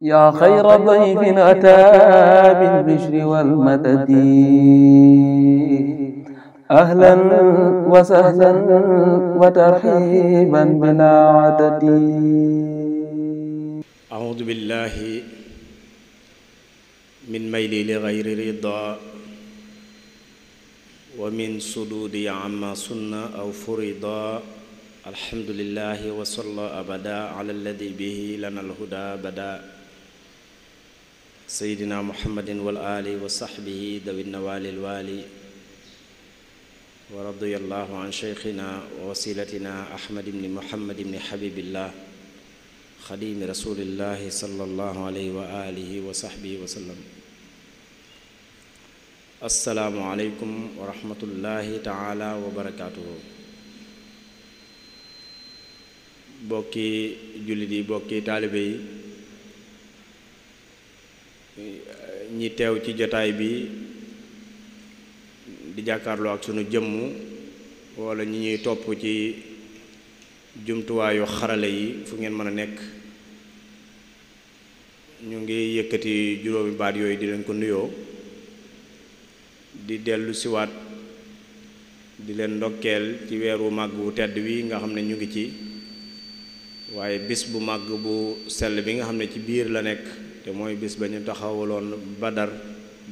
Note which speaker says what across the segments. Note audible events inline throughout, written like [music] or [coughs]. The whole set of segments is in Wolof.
Speaker 1: yaa xayra dayfin ataa bil bishri wal madadi ahlan wa sahlan wa tarhiiban bilaa adadi.
Speaker 2: A'uudu billaahi min mayli li gayri ridaa wa min suduudi amma sunna aw furida alhamdulillaahi wa salla abadaa ala alladi bihi lana alhudaa badaa seydina muhammadin wal ali wa saxbihi dawi nawalil waali wa radiyallahu an sheykhina wa wasilatina ahmad ibni muhammad ibni habibillah xadimi rasulillahi sallallahu alayhi wa alihi wa saxbihi wa sallam assalaamu aleykum wa rahmatullahi taala wa barakaatuhu bokki jullit yi bokki taalibe yi ñi teew ci jotaay bi di jàkkaarloo sunu jëmm wala ñi ñuy topp ci jumtuwaayu xarale yi fu ngeen mën a nekk ñu ngi yëkkati juróomi baat yooyu di leen ko nuyoo di dellu siwaat di leen ndokkeel ci weeru màgg wu tedd wi nga xam ne ñu ngi ci waaye bis bu màgg bu sell bi nga xam ne ci biir la nekk te mooy bis ba ñu taxawaloon badar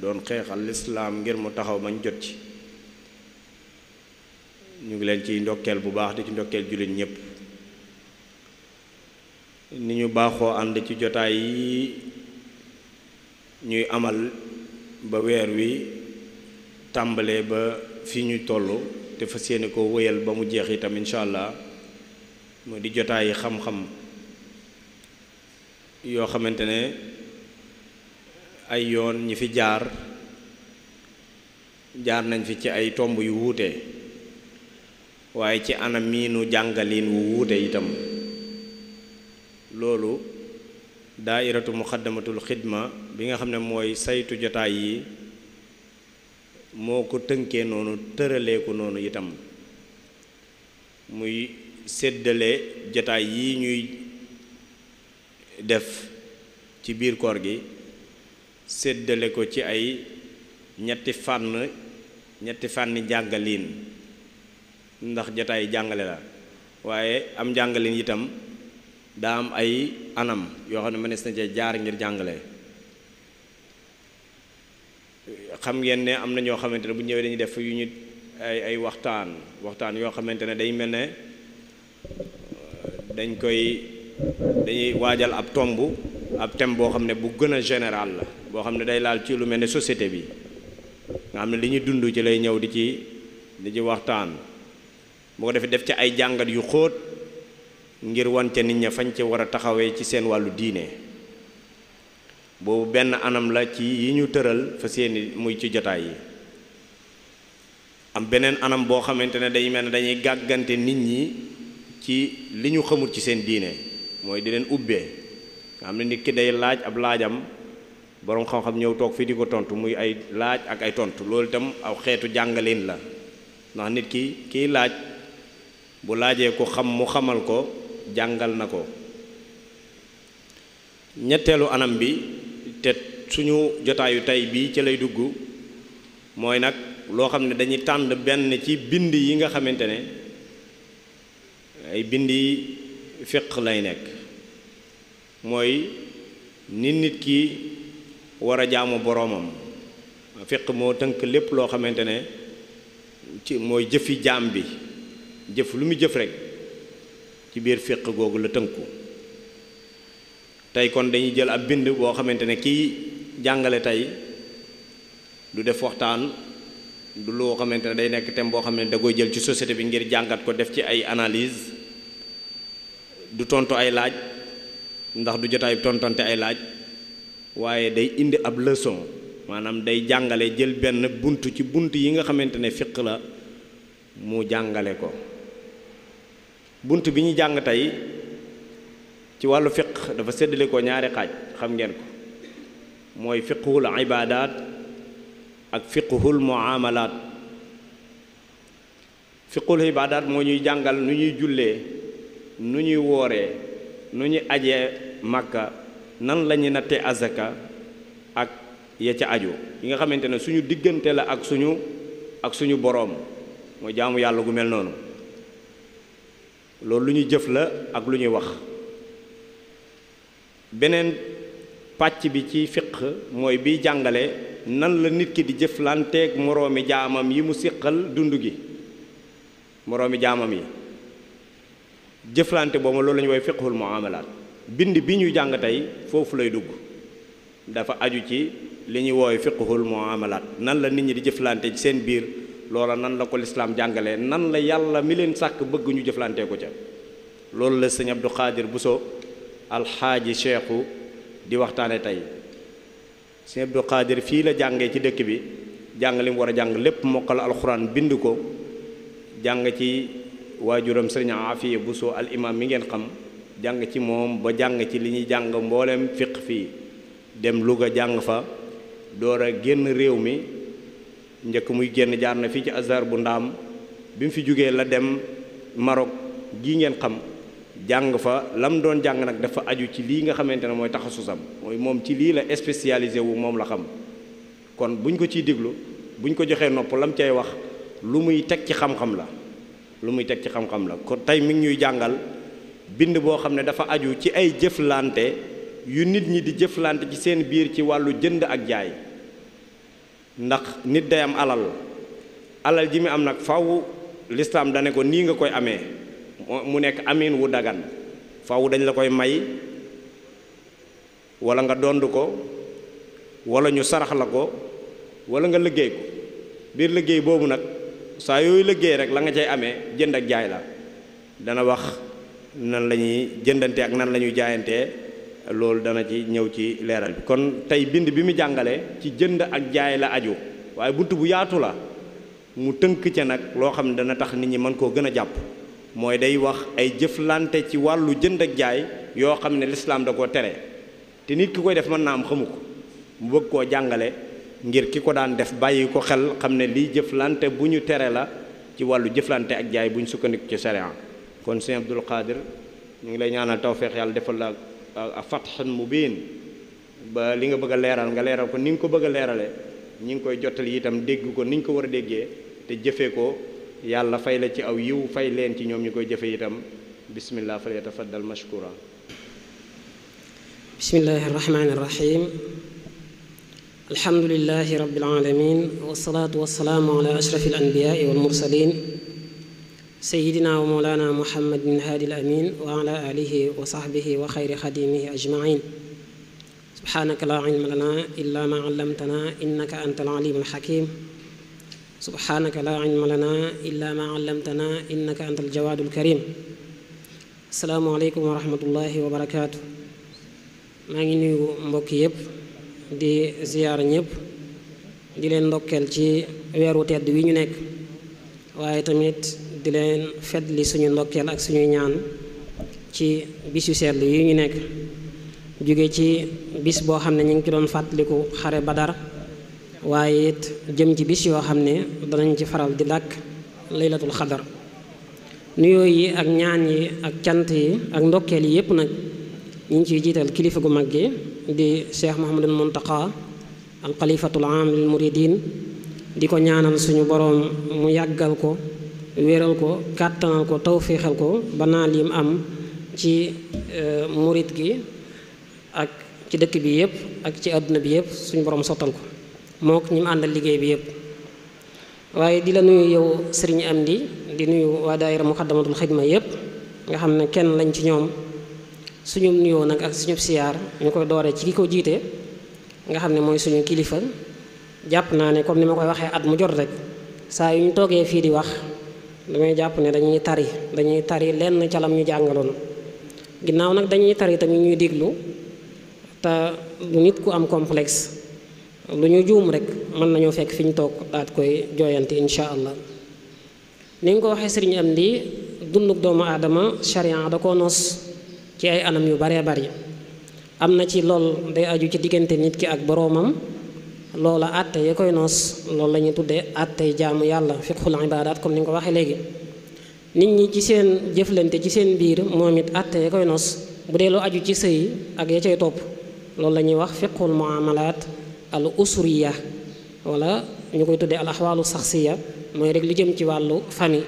Speaker 2: doon xeexal lislaam ngir mu taxaw bañ jot ci ñu ngi leen ciy ndokkeel bu baax di ci ndokkeel jullit ñépp ni ñu baaxoo ànd ci jotaay yi ñuy amal ba weer wi tàmbalee ba fi ñu tollu te fas yéene ko wéyal ba mu jeex itam incha allah moo di jotaayi xam-xam yoo xamante ne ay yoon ñi fi jaar jaar nañ fi ci ay tomb yu wuute waaye ci anam miinu jàngalin wu wuute itam loolu daairatu muxaddamatul xidma bi nga xam ne mooy saytu jotaay yi moo ko tënkee noonu tëralee ko noonu itam muy séddale jotaay yi ñuy def ci biir koor gi séddale ko ci ay ñetti fànn ñetti fànn jàngaliin ndax ay jàngale la waaye am jàngaliin itam daa am ay anam yoo xam ne mënees na cee jaar ngir jàngale xam ngeen ne am na ñoo xamante ne bu ñëwee dañuy def yu ñu ay waxtaan waxtaan yoo xamante ne day mel ne uh, dañ koy dañuy waajal ab tomb ab thème boo xam ne bu gën a général la boo xam ne day laal ci lu mel ni société bi nga xam ne li ñuy dund ci lay ñëw di ci di ci waxtaan bu ko defee def ci ay jàngat yu xóot ngir wan nit ña fañ ci war a taxawee ci seen wàllu diine boobu benn anam la ci yi ñu tëral fa seeni muy ci jotaay yi am beneen anam boo xamante ne day mel ne dañuy gàggante nit ñi ci li ñu xamul ci seen diine mooy di leen ubbee nga xam ne nit ki day laaj ab laajam boroom xam-xam ñëw toog fii di ko tontu muy ay laaj ak ay tontu loolu itam aw xeetu jàngaleen la ndax nit ki kiy laaj bu laajee ko xam mu xamal ko jàngal na ko ñetteelu anam bi te suñu jotaayu tey bii ci lay dugg mooy nag loo xam ne dañuy tànd benn ci bind yi nga xamante ne ay bind yi fiq lay nekk mooy ni nit ki war a jaamu boroomam fiq moo tënk lépp loo xamante ne ci mooy jëfi jaam bi jëf lu muy jëf rek ci biir fiq googu la tënku tey kon dañuy jël ab bind boo xamante ne kiy jàngale tey du def waxtaan du loo xamante ne day nekk thème boo xam ne da koy jël ci société bi ngir jàngat ko def ci ay analyse du tontu ay laaj ndax du jotaay tontonte ay laaj waaye day indi ab leçon maanaam day jàngale jël benn bunt ci bunt yi nga xamante ne fiq la mu jàngale ko bunt bi ñu jàng tey ci wàllu fiq dafa séddale ko ñaari xaaj xam ngeen ko mooy fiqhul ibaadaat ak fiqhul muamalaat fiqhul ibaadaat moo ñuy jàngal nu ñuy jullee nu ñuy wooree nu ñu ajee màkka nan la ñuy nattee azaka ak ya ca aju yi nga xamante ne suñu diggante la ak suñu ak suñu boroom mooy jaamu yàlla gu mel noonu loolu lu ñu jëf la ak lu ñuy wax beneen pàcc bi ci fiq mooy biy jàngale nan la nit ki di jëflanteeg moroomi jaamam yi mu siqal dund gi moroomi jaamam yi jëflante boobu loolu la ñu woy fiqhul muamalat bind bi ñu jàng tey foofu lay dugg dafa aju ci li ñuy woowe fiqhul muamalat nan la nit ñi di jëflante ci seen biir loola nan la ko lislaam jàngalee nan la yàlla mi leen sàkk bëgguñu ñu jëflantee ko ca loolu la sëñ Abdou bu Bousso alxaaji cheikhu di waxtaane tey sëñ Abdou Khadir fii la jàngee ci dëkk bi jàng li mu war a jàng lépp mokkal alxuraan bind ko jàng ci waajuram sëriñ Afiya Bousso al imam mi ngeen xam jàng ci moom ba jàng ci li ñuy jàng mboolem fiq fii dem Louga jàng fa door a génn réew mi njëkk muy génn jaar na fii ci Azhar bu ndaam bi mu fi jógee la dem Maroc gii ngeen xam jàng fa lam doon jàng nag dafa aju ci lii nga xamante ne mooy taxasu sam mooy moom ci lii la spécialisé wu moom la xam kon buñ ko ciy déglu buñ ko joxee nopp lam cay wax lu muy teg ci xam-xam la lu muy teg ci xam-xam la kon tey mi ngi ñuy jàngal bind boo xam ne dafa aju ci ay jëflante yu nit ñi di jëflante ci seen biir ci wàllu jënd ak jaay ndax nit day am alal alal ji mi am nag faw lislaam dane ko nii nga koy ame mu nekk amin wu dagan faw dañ la koy may wala nga dond ko wala ñu sarax la ko wala nga liggéey ko biir liggéey boobu nag saa yooyu liggéey rek la nga cay amee jënd ak jaay la dana wax nan la ñuy jëndante ak nan lañuy ñuy jaayantee loolu dana ci ñëw ci leeral bi kon tey bind bi mu jàngalee ci jënd ak jaay la ajo waaye bunt bu yaatu la mu tënk ca nag loo xam ne dana tax nit ñi mën koo gën a jàpp mooy day wax ay jëflante ci wàllu jënd ak jaay yoo xam ne lislaam da koo tere te nit ki koy def mën naa am xamu ko mu bëgg koo jàngale ngir ki ko daan def bàyyi ko xel xam ne lii jëflante bu ñu tere la ci wàllu jëflante ak jaay bu ñu sukkandiku ci sariya kon si Abdul Qadir ñu ngi lay ñaanal tawféex yàlla defal la ak fatxan mubiin ba li nga bëgg a leeral nga leeral ko ni nga ko bëgg a leerale ñi ngi koy jottali itam dégg ko ni nga ko war a déggee te jëfee ko yàlla fay la ci aw yiw fay leen ci ñoom ñu koy jëfe itam bismillah fal yatafaddal mashkura
Speaker 1: bismillahi arrahmani irrahim alhamdulilahi rabbil
Speaker 2: alamin wasalaatu
Speaker 1: wasalaamu ala ashrafi al anbiyaai wal mursalin sayidina wa mawlana muhammad bin haadi al amin wa ala alihi wa sahbihi wa xayri xadimihi ajmain subhanaka la ilma lana illa ma allamtana innaka anta al alim al hakim subhanaka la ilma lana illa ma allamtana innaka anta al jawad al karim asalaamu aleykum wa rahmatullahi wa barakaatu maa ngi nuyu mbokk yëpp di ziyaar ñëpp di leen ndokkeel ci weeru tedd wi ñu nekk waaye tamit di leen fetli suñu ndokkeel ak suñu ñaan ci bis yu sell yi ñu nekk jóge ci bis boo xam ne ñu ngi ci doon fàttaliku xare badar waaye it jëm ci bis yoo xam ne danañ ci faral di dàkk laylatul xadar nuyoo yi ak ñaan yi ak cant yi ak ndokkeel yi yépp nag ñu ciy jiital kilifa gu mag gi di cheikh Mouhamadul Muntaqa al xalifatul am di ko ñaanal suñu boroom mu yàggal ko wéral ko kàttanal ko tawféexal ko ba naal yim am ci e, murit gi ak ci dëkk bi yëpp ak ci àdduna bi yëpp suñu borom sottal ko moo ñi mu àndal liggéey bi yëpp waaye di la nuyu yow sëriñ Amdi di nuyu waa daayira Muxaddamatul Xidma yëpp nga xam ne kenn lañ ci ñoom suñu nuyoo nag ak suñu siyaar ñu koy dooree ci ki ko jiite nga xam ne mooy suñu kilifa jàpp naa ne comme ni ma koy waxee at mu jot rek saa yu ñu toogee fii di wax damay jàpp ne dañuy tari dañuy tari lenn calam ñu jàngaloon ginnaaw nag dañuy tari ñu ñuy déglu te lu nit ku am complex lu ñu juum rek mën nañoo fekk fi ñu toog daat koy jooyanti incha allah ni nga ko waxee sëriñ am di dunduk doomu aadama charian da koo noos ci ay anam yu baree bari am na ci lool day aju ci diggante nit ki ak boroomam loola àtte ya koy noos loolu la ñuy tuddee àttey jaamu yàlla fiqhul ibaadaat comme ni nga ko waxee léegi nit ñi ci seen jëflante ci seen biir moom it àtte ya koy noos bu dee lu aju ci sëy ak ya cay topp loolu la ñuy wax fiqhul muamalaat al usuriya wala ñu koy tuddee al axwaalu saxsiya mooy rek lu jëm ci wàllu famille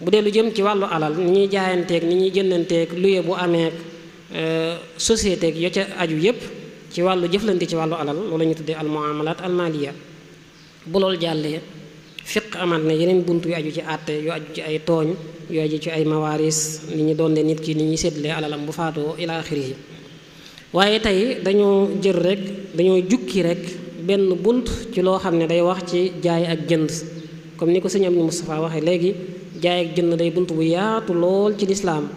Speaker 1: bu dee lu jëm ci wàllu alal ni ñuy jaayanteek ni ñuy jëndanteeg luye bu ameek euh, société ak ya ca aju yépp ci wàllu jëflante ci wàllu alal loolu ñu tuddee al muamalat al maliya bu loolu jàllee fiq amaat na yeneen bunt yu aju ci àtte yu aju ci ay tooñ yu aju ci ay mawaaris ni ñu doon de nit ki ni ñuy séddalee alalam bu faatoo ila axiri yi waaye tey dañoo jël rek dañoo jukki rek benn bunt ci loo xam ne day wax ci jaay ak jënd comme ni ko sëñ Abdou Moustapha waxee léegi jaay ak jënd day bunt bu yaatu lool ci lislaam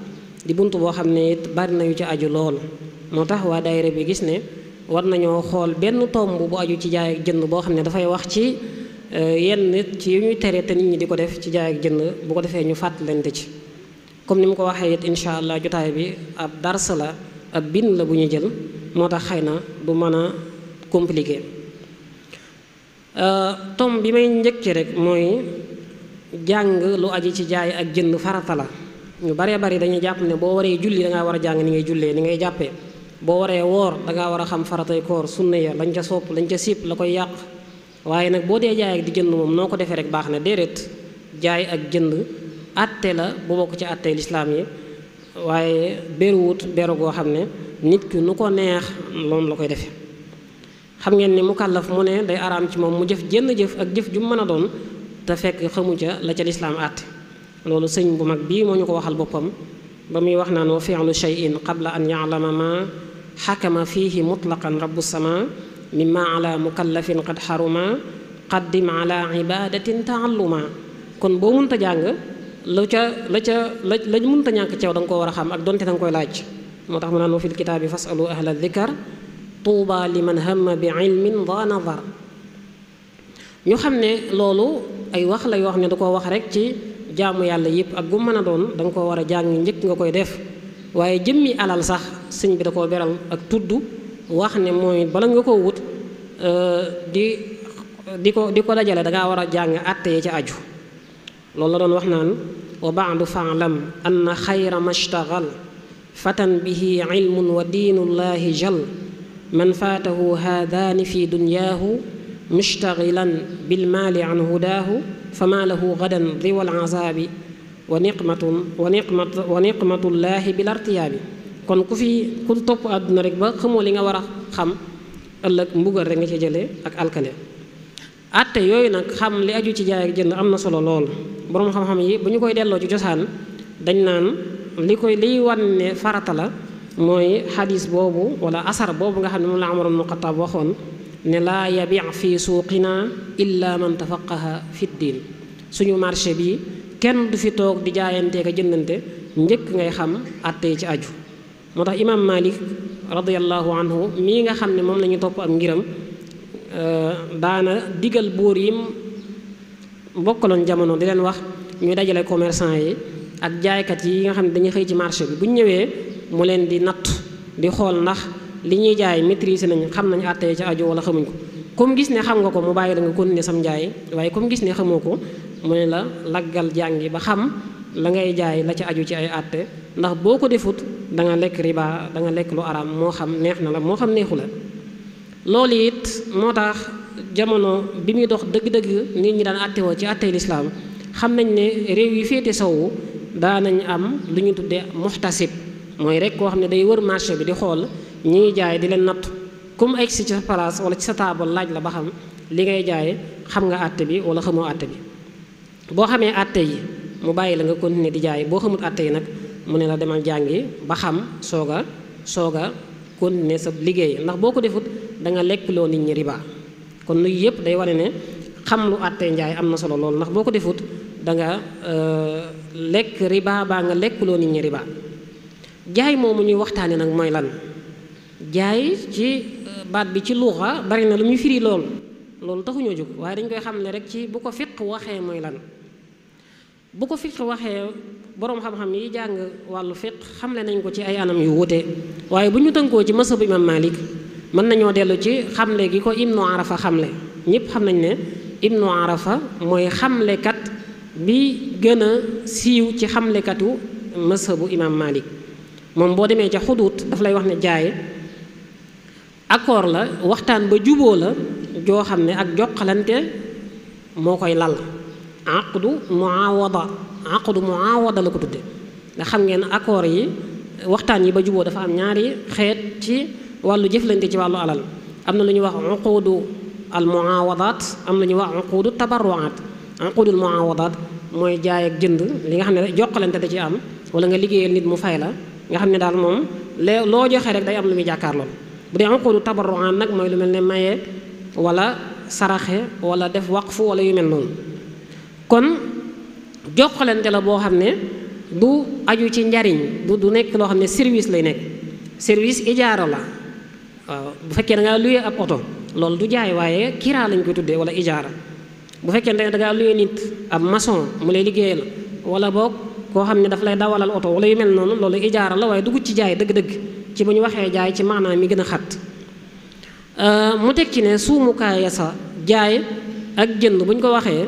Speaker 1: di bunt boo xam ne it bari na yu ci aju lool moo tax waa daayira bi gis ne war nañoo xool benn tomb bu aju ci jaay ak jënd boo xam ne dafay wax ci euh, yenn nit ci yu ñuy tere te nit ñi di ko def ci jaay ak jënd bu ko defee ñu fàtt fàttalante ci comme ni mu ko waxee it incha allah jotaay bi ab dars la ab bind la bu ñu jël moo tax xay na bu mën a compliqué euh, tom bi may njëkkee rek mooy jàng lu aji ci jaay ak jënd farata la ñu baree bari dañuy jàpp ne boo waree julli da ngaa war a jàng ni ngay jullee ni ngay jàppee boo waree woor dangaa war a xam faratay koor sunna ya lañ ca sopp lañ ca siip la koy yàq waaye nag boo dee jaay ak di jënd moom noo ko defee rek baax na déedéet jaay ak jënd atte la bu bokk ci atte lislaam waaye beruwut beru goo xam ne nit ki nu ko neex loolu la koy defee xam ngeen ni mu kàllaf mu ne day araam moom mu jëf jenn jëf ak jëf ju mën a doon te fekk xamu ca la ca lislaam àtte loolu sëñ bu mag bii moo ñu ko waxal boppam ba muy wax naan wa fi'lu shay'in qabla an ya'lama ma xakama fiihi mutlaqan rabu sama mimma ala mukallafin qad xaruma qaddim ala ibadatin taalluma kon boo munta jàng la ca la ca la lañ munta ñàkk ceew danga ko war a xam ak donte danga koy laaj moo tax mu naan wa fil kitaabi fasalu ahla dikar tuuba liman hamma bi ilmin da nazar ñu xam ne loolu ay wax la yoo xam ne da koo wax rek ci jaamu yàlla yëpp ak gu mën a doon da nga ko war a jàng njëkk nga koy def waaye jëmmi alal sax sëñ bi da koo beral ak tudd wax ne mooy bala nga ko wut euh, di di ko di ko dajale da war a jàng àtte yi ca aju loolu la doon wax naan wa baadu faalam anna xayra mashtagal fatan bihi ilmun wa diinullaahi jal man faatahu haadaani fi dunyaahu mushtagilan bilmaali an hudaahu fa maa lahu gadan diwal azaabi wa niqmatun wa niqmat wa niqmatullaahi bil artiyaabi kon ku fi ku topp àdduna rek ba xamoo li nga war a xam ëllëg mbugal rek nga ci jëlee ak alkande atte yooyu nag xam li aju ci jaay ak jënd am na solo lool boroom xam-xam yi bu ñu koy delloo ci cosaan dañ naan li koy liy wan ne farata la mooy xadis boobu wala asar boobu nga xam ne moom la amaroon ibn Xattaab waxoon ne laa yabi' fi suuqina illa man tafaqaha fi suñu marché bi kenn du fi toog di a jëndante njëkk ngay xam àtte yi ci aju moo tax imaam Malik radiyallahu anhu mii nga xam ne moom la ñu topp ak ngiram euh, daana digal buur yi mbokkaloon jamono di leen wax ñuy dajale commerçant yi ak jaaykat yi nga xam ne dañuy xëy ci marché bi bu ñu ñëwee mu leen di natt di xool ndax li ñuy jaay maîtriser nañ xam nañ àtte yi ci aju wala xamuñ ko comme gis ne xam nga ko mu bàyyi la nga continuer sam njaay waaye comme gis ne xamoo ko mu ne la laggal jàngi ba xam la ngay jaay la ci aju ci ay àtte ndax boo ko defut da nga lekk ribaa da nga lekk lu araam moo xam neex na la moo xam neexu la loolu it moo tax jamono bi muy dox dëgg-dëgg nit ñi daan àttewoo ci àttey lislaam xam nañ ne réew yi féete sowu daanañ am lu ñu tuddee muxtasib mooy rek koo xam ne day wër marché bi di xool ñi ngi jaay di leen nattu comme mu egg si ci sa place wala ci sa taabal laaj la ba xam li ngay jaaye xam nga àtte bi wala xamoo àtte bi boo xamee àtte yi mu bàyyi la nga continuer di jaay boo xamut àtte yi nag mu ne la demal jàngi ba xam soog a soog a continuer sa liggéey ndax boo ko defut da nga lekkloo nit ñi riba kon luy yëpp day wane ne xam lu àtte njaay am na solo lool ndax boo ko defut da nga euh, lekk riba baa nga lekkloo nit ñi riba jaay mu ñuy waxtaane nag mooy lan jaay ci baat bi ci luuxa bari na lu muy firi lool loolu taxuñoo jóg waaye dañ koy xam ne rek ci bu ko fiq waxee mooy lan bu ko fiq waxee boroom xam-xam yi jàng wàllu fiq xamle nañ ko ci ay anam yu wuute waaye bu ñu tënkoo ci masab imam Malik mën nañoo dellu ci xamle gi ko ibnu arafa xamle ñëpp xam nañ ne ibnu arafa mooy xamlekat bi gën a siiw ci xamlekatu mashabu imam Malik moom boo demee ca xuduut daf lay wax ne jaay accord la waxtaan ba juboo la joo xam ne ak joxalante moo koy lal aqdu muawada aqdu muawada la ko tudde nga xam ngeen accord yi waxtaan yi ba juboo dafa am ñaari xeet ci wàllu jëflante ci wàllu alal am na lu ñuy wax uqudu al muawadat am na lu ñuy wax uqudu tabarruat uqudul muawadat mooy jaay ak jënd li nga xam ne joxalante da ci am wala nga liggéeyal nit mu fay la nga xam ne daal moom lee loo joxe rek day am lu muy jàkkaarloo bu dee uquudu tabarruan nag mooy lu mel ne maye wala saraxe wala def waqfu wala yu mel noonu kon jokkalante la boo xam ne du aju ci njariñ du du nekk loo xam ne service lay nekk service ijaara la waaw bu fekkee da ngaa luye ab oto loolu du jaay waaye kiraa lañ koy tuddee wala ijaara bu fekkee ne da ngaa luye nit ab maçon mu lay liggéeyal wala boog koo xam ne daf lay dawalal oto wala yu mel noonu loolu ijaara la waaye dugg ci jaay dëgg-dëgg ci bu ñu waxee jaay ci maanaam mi gën a xat euh, mu teg ci ne suumukaaya sa jaay ak jënd bu ñu ko waxee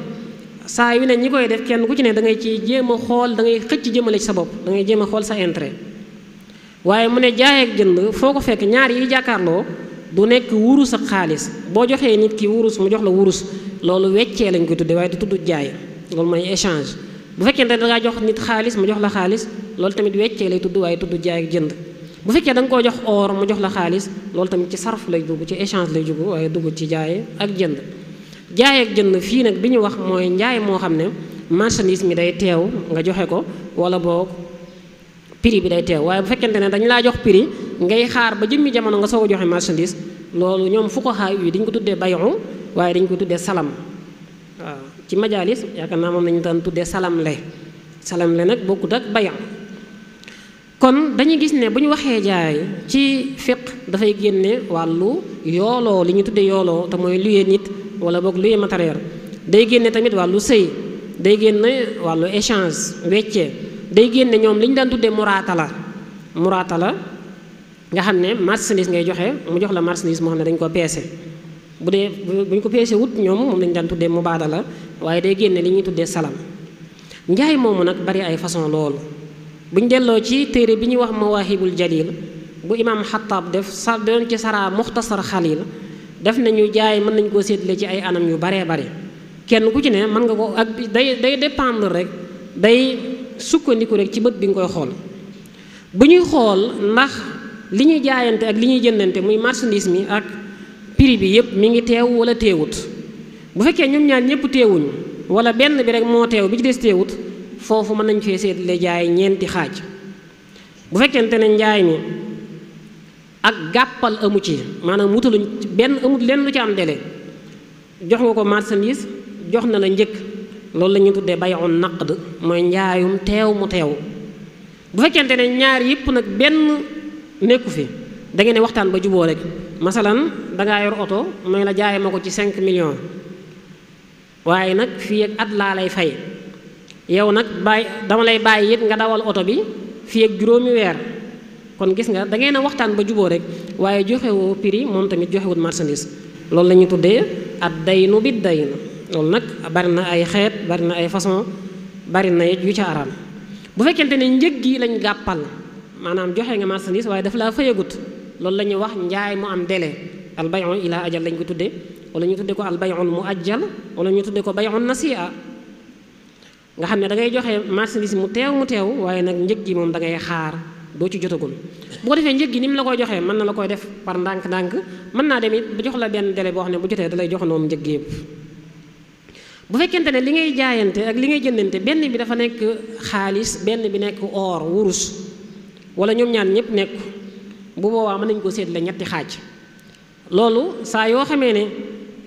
Speaker 1: saa yu ne ñi koy def kenn ku ci ne da ngay ci jéem a xool dangay xëcc jëmale ci sa bopp da ngay jéem a xool sa intérêt waaye mu ne jaay ak jënd foo ko fekk ñaar yi jàkkaarloo du nekk wurus ak xaalis boo joxee nit ki wurus mu jox la wurus loolu weccee lañ koy tudde waaye du tudd jaay loolu mooy échange bu fekkente ne dangaa jox nit xaalis mu jox la xaalis loolu tamit weccee lay tudd waaye tudd jaay jënd bu fekkee da nga koo jox or mu jox la xaalis loolu tamit ci sarf lay dugg ci échange lay dugg waaye dugg ci jaay ak jënd jaay ak jënd fii nag bi ñu wax mooy njaay moo xam ne marchandise mi day teew nga joxe ko wala boog piri bi day teew waaye bu fekkente ne dañ laa jox prix ngay xaar ba jëmmi jamono nga soog a joxe marchandise loolu ñoom fu ko dañ ko tuddee bayu waaye dañ ko tuddee salam waaw ci majalis yaakaar naa moom nañu daan tuddee salam le nag bokkut ak bayan kon dañuy gis ne bu ñu waxee jaay ci fiq dafay génne wàllu yooloo li ñu tuddee yooloo te mooy luye nit wala boog luye matériel day génne tamit wàllu sëy day génne wàllu échange weccee day génne ñoom li ñu daan tuddee muraata la muraatala la nga xam ne marchandise ngay joxe mu jox la marchandise moo xam ne dañ ko peese bu dee bu ñu ko peese wut ñoom moom lañu daan tuddee la waaye day génne li ñuy tuddee salam njaay moomu nag bari ay façon loolu buñ delloo ci téere bi ñuy wax mawaahibul jalil bu imaam xataab def sa doon ci saraa muxtasar xalil def nañu jaay mën nañ koo séddale ci ay anam yu baree bare kenn ku ci ne mën nga ko ak day day dépendre rek day sukkandiku rek ci bët bi nga koy xool bu ñuy xool ndax li ñuy jaayante ak li ñuy jëndante muy marchandise mi ak prix bi yépp mi ngi teew wala teewut bu fekkee ñoom ñaar ñépp teewuñu wala benn bi rek moo teew bi ci des teewut foofu mën nañ fee seetle jaay ñeenti xaaj bu fekkente ne njaay mi ak gàppal amu ci maanaam wutaluñ benn amut lenn lu ci am dele jox nga ko marchandise jox na la njëkk loolu la ñuy tuddee naq naqd mooy njaayum teew mu teew bu fekkente ne ñaar yëpp nag benn nekku fi da ne waxtaan ba juboo rek masalan dangaa yor oto may la jaay ko ci 5 millions waaye nag fii ak at laa lay fay yow nag bàyyi dama lay bàyyi it nga dawal oto bi fii ak juróomi weer kon gis nga da ngeen a waxtaan ba juboo rek waaye joxewoo prix moom tamit joxewut marchandise loolu la ñuy tuddee at daynu bi na loolu nag bari na ay xeet bari na ay façon bari na yu ca araam bu fekkente ne njëg gi lañ gàppal maanaam joxe nga marchandise waaye daf laa fayagut loolu la ñuy wax njaay mu am délai albayon ila ajal lañ ko tuddee wala ñu tuddee ko albayon mu ajjal wala ñu tuddee nga xam ne da ngay joxe marchandise mu teew mu teew waaye nag njëg gi moom da ngay xaar doo ci jotagul boo defee njëg gi ni mu la koy joxee mën na la koy def par ndànk-ndànk mën naa dem it bu jox la benn délai boo xam ne bu jotee da lay jox noonu njëg yëpp bu fekkente ne li ngay jaayante ak li ngay jëndante benn bi dafa nekk xaalis benn bi nekk or wurus wala ñoom ñaan ñëpp nekk bu boobaa mën nañu ko seetle ñetti xaaj loolu saa yoo xamee ne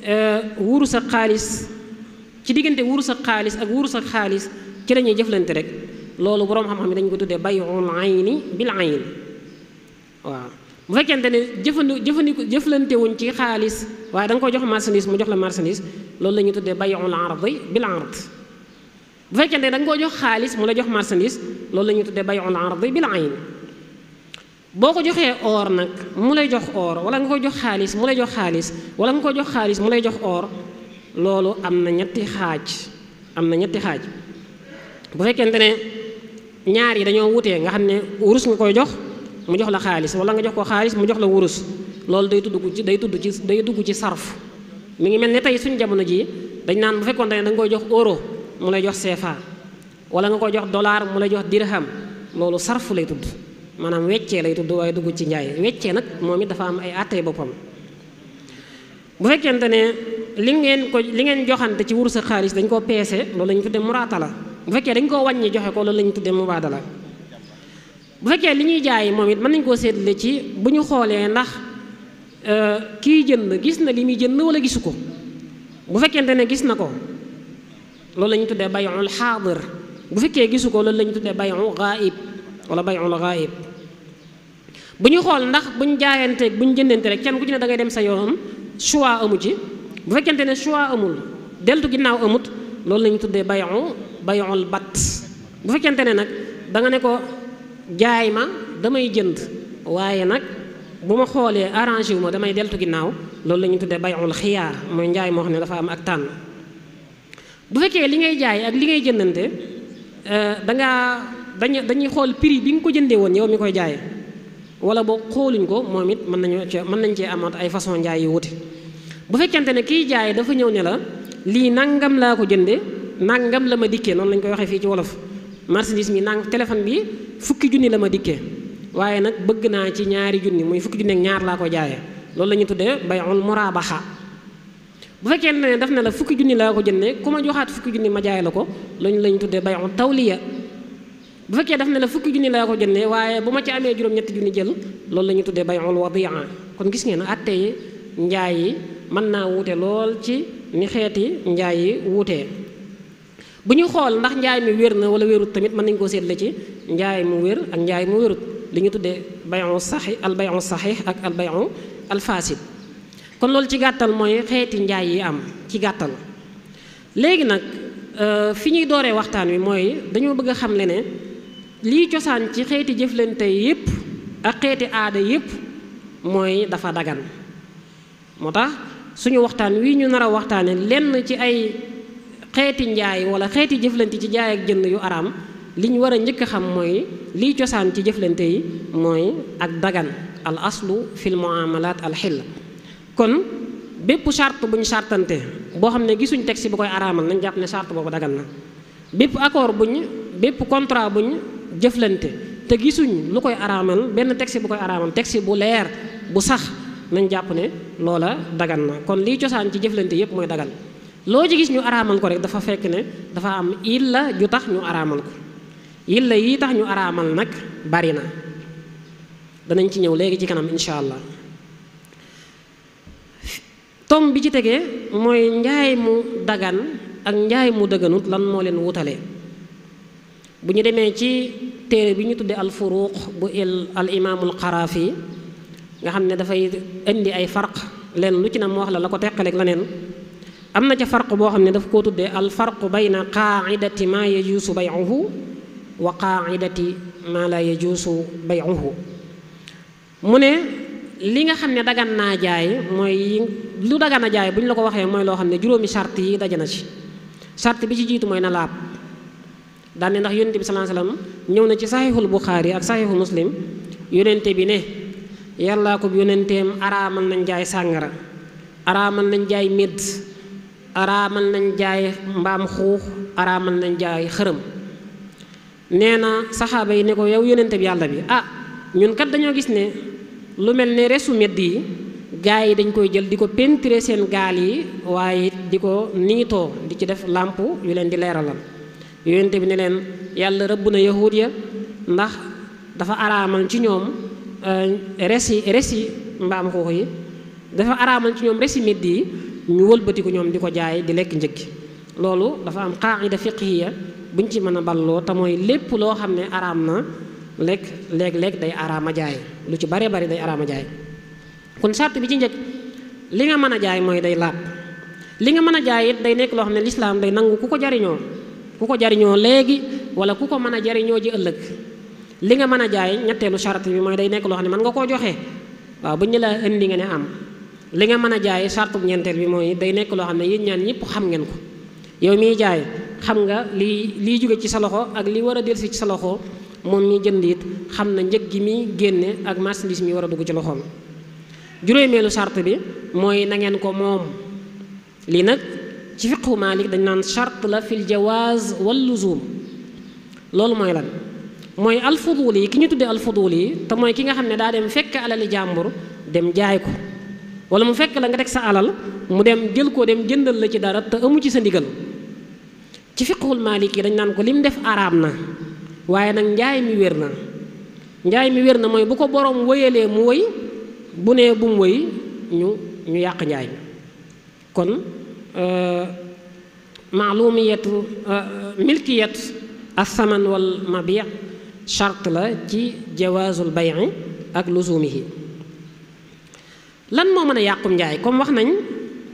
Speaker 1: euh, wurus ak xaalis. ci diggante wurus ak xaalis ak wurus ak xaalis ci lañuy jëflante rek loolu boroom xam-xam yi dañu ko tuddee bay'ul ayni bil ayn waaw bu fekkente ne jëfandu jëfandiku jëflante wuñ ci xaalis waaye da ko jox marchandise mu jox la marchandise loolu la ñuy tuddee bay'ul ardi bil ard bu fekkente ne ko jox xaalis mu la jox marchandise loolu la ñuy tuddee bay'ul ardi bil ayn boo ko joxee or nag mu lay jox or wala nga ko jox xaalis mu lay jox xaalis wala nga ko jox xaalis mu lay jox or loolu am na ñetti xaaj am na ñetti xaaj bu fekkente ne ñaar yi dañoo wutee nga xam ne wurus nga koy jox mu jox la xaalis wala nga jox ko xaalis mu jox la wurus loolu day ci day tudd ci day dugg ci sarf mi ngi mel ne tey suñ jamono jii dañ naan bu fekkoon ne da koy jox euro mu lay jox CFA wala nga koy jox dollar mu lay jox dirham loolu sarfu lay tudd maanaam weccee lay tudd waaye dugg ci njaay weccee nag moom it dafa am ay àttee boppam bu fekkente ne li ngeen ko li ngeen joxante ci wurus sa xaalis dañ koo peese loolu la ñu tudde muraatala bu fekkee dañ koo wàññi joxe ko loolu la ñu tudde mubaadala bu fekkee li ñuy jaay moom it mën nañ koo seetle ci bu ñu xoolee ndax euh, kiy jënd gis na li muy jënd wala gisu ko bu fekkente ne gis na ko loolu la ñu tuddee bayul xaadir bu fekkee gisu ko loolu la ñu tuddee bayu gaayib wala bayul gaayib bu ñu xool ndax buñ bu buñ jëndante rek kenn ku ci ne da dem sa yoon choix amu bu fekkente ne choix amul deltu ginnaaw amut loolu la ñu tuddee bayon bayool bat bu fekkente ne nag danga ne ko jaay ma damay jënd waaye nag bu ma xoolee arrangé wu damay deltu ginnaaw loolu la ñu tuddee bayool xiyaar mooy njaay moo xam ne dafa am ak tànn bu fekkee li ngay jaay ak li ngay jëndante euh, da nga dañu dañuy xool prix bi nga ko jëndee woon yow mi koy jaay wala boo xooluñ ko moom it mën nañu cee mën nañ cee amaat ay façon njaay yu wute bu fekkente ne kiy jaay dafa ñëw ne la lii nangam laa ko jënde nangam la ma dikkee noonu lañ koy waxee fii ci wolof marchandise mi nang téléphone bi fukki junni la ma dikkee waaye nag bëgg naa ci ñaari junni muy fukki junni ñaar laa ko jaayee loolu la ñu tuddee bay'ul murabaha bu fekkee ne daf ne la fukki junni laa ko jëndee ku ma joxaat fukki junni ma jaay la ko loolu la ñu tuddee bayu tawliya bu fekkee daf ne la fukki junni laa ko jëndee waaye bu ma ci amee juróom-ñetti junni jël loolu la ñu tuddee bayul wadia kon gis ngeen attee njaay yi mën naa wuute lool ci ni xeeti njaay yi wuutee bu ñu xool ndax njaay mi wér na wala wérut tamit mën nañ koo seetle ci njaay mu wér ak njaay mu wérut li ñu tuddee bayon saxi al bayon saxi ak al bayon al kon loolu ci gàttal mooy xeeti njaay yi am ci gàttal léegi nag euh, fi ñuy dooree waxtaan wi mooy dañoo bëgg a xam le ne lii cosaan ci xeeti jëflante yépp ak xeeti aada yépp mooy dafa dagan moo tax suñu waxtaan wii ñu nar a waxtaane lenn ci ay xeeti njaay wala xeeti jëflante ci jaay ak jënd yu araam li ñu war a njëkk a xam mooy liy cosaan ci jëflante yi mooy ak dagan al aslu fil muamalat al xill kon bépp charte bu ñu chartante boo xam ne gisuñ texte bu koy araamal nañ jàpp ne charte boobu dagan na bépp accord bu ñu bépp contrat bu ñu jëflante te gisuñ lu koy araamal benn texte bu koy araamal texte bu leer bu sax nañ jàpp ne loola dagan na kon liy cosaan ci jëflante yépp mooy dagan loo ci gis ñu araamal ko rek dafa fekk ne dafa am illa ju tax ñu araamal ko illa yi tax ñu araamal nag bari na danañ ci ñëw léegi ci kanam incha allah tom bi ci tegee mooy njaay mu dagan ak njaay mu dëgganut lan moo leen wutale bu ñu demee ci téere bi ñu tudde al furuq bu al imaamul xaraafi nga xam ne dafay indi ay farq leen lu ci na mu wax la la ko teqaleeg leneen am na ca farq boo xam ne daf koo tudde al bay farqu bayna qaaidati maa bay bayuhu wa qaaidati maa laa yajuusu bayuhu mu ne li nga xam ne dagan naa jaay mooy lu dagana jaay bu ñu la ko waxee mooy loo xam ne juróomi sart yi daje na ci sart bi ci jiitu mooy na laab daane ndax yonente bi salaa salaam ñëw na ci saxiixul buxaari ak saxiixu muslim yonente bi ne yàllaa ko yonenteem araamal nañ jaay sàngara araamal nañ jaay médd araamal nañ jaay mbaam xuux araamal nañ jaay xërëm nee na saxaaba yi ne ko yow yonente yàlla bi ah ñun kat dañoo gis ne lu mel ne resu medd yi gaay yi dañ koy jël di ko peinturer seen gaal yi waaye di ko niitoo di ci def làmp yu leen di leeralal yonente bi ne leen yàlla rëbb na yahuud ya ndax dafa araamal ci ñoom res yi res yi mbaam xuux yi dafa araamal ci ñoom resi medd yi ñu wëlbatiku ñoom di ko jaay di lekk njëg loolu dafa am qaida fiqhiya buñ ci mën a balloo te mooy lépp loo xam ne araam na lekk léeg-léeg day araama jaay lu ci bare bari day araama jaay kon sart bi ci njëkk li nga mën a jaay mooy day laab li nga mën a jaay it day nekk loo xam ne lislaam day nangu ku ko jariñoo ku ko jariñoo léegi wala ku ko mën a jariñoo ji ëllëg li nga mën a jaay ñetteelu charte bi mooy day nekk loo xam ne man nga koo joxe waaw bu ñu la indi nga ne am li nga mën a jaay charte bu ñeenteel bi mooy day nekk loo xam ne yën ñaan ñëpp xam ngeen ko yow miy jaay xam nga li liy jóge ci sa loxo ak li war a delsi ci sa loxo moom mi jënd it xam na njëg gi mi génne ak marchandise mi war a dugg ci loxoom juróomeelu charte bi mooy na ngeen ko moom lii nag ci fiqhu Maalik dañ naan charte la fil jawaaz wallu luzum loolu mooy lan mooy alfuduul yi ki ñu tuddee alfuduul yi te mooy ki nga xam ne daa dem fekk alali jàmbur dem jaay ko wala mu fekk la nga teg sa alal mu dem jël koo dem jëndal la ci dara te amu ci sa ndigal ci fiqhul maalik yi dañ naan ko li mu def araam na waaye nag njaay mi wér na njaay mi wér na mooy bu ko boroom wéyalee mu wéy bu nee bu mu wéy ñu ñu yàq njaay mi kon euh, maalumiyatu euh, milkiyat asaman wal mabiya charte la ci jawaazul bayi ak lusumihi lan moo mën a yàqum njaay comme wax nañ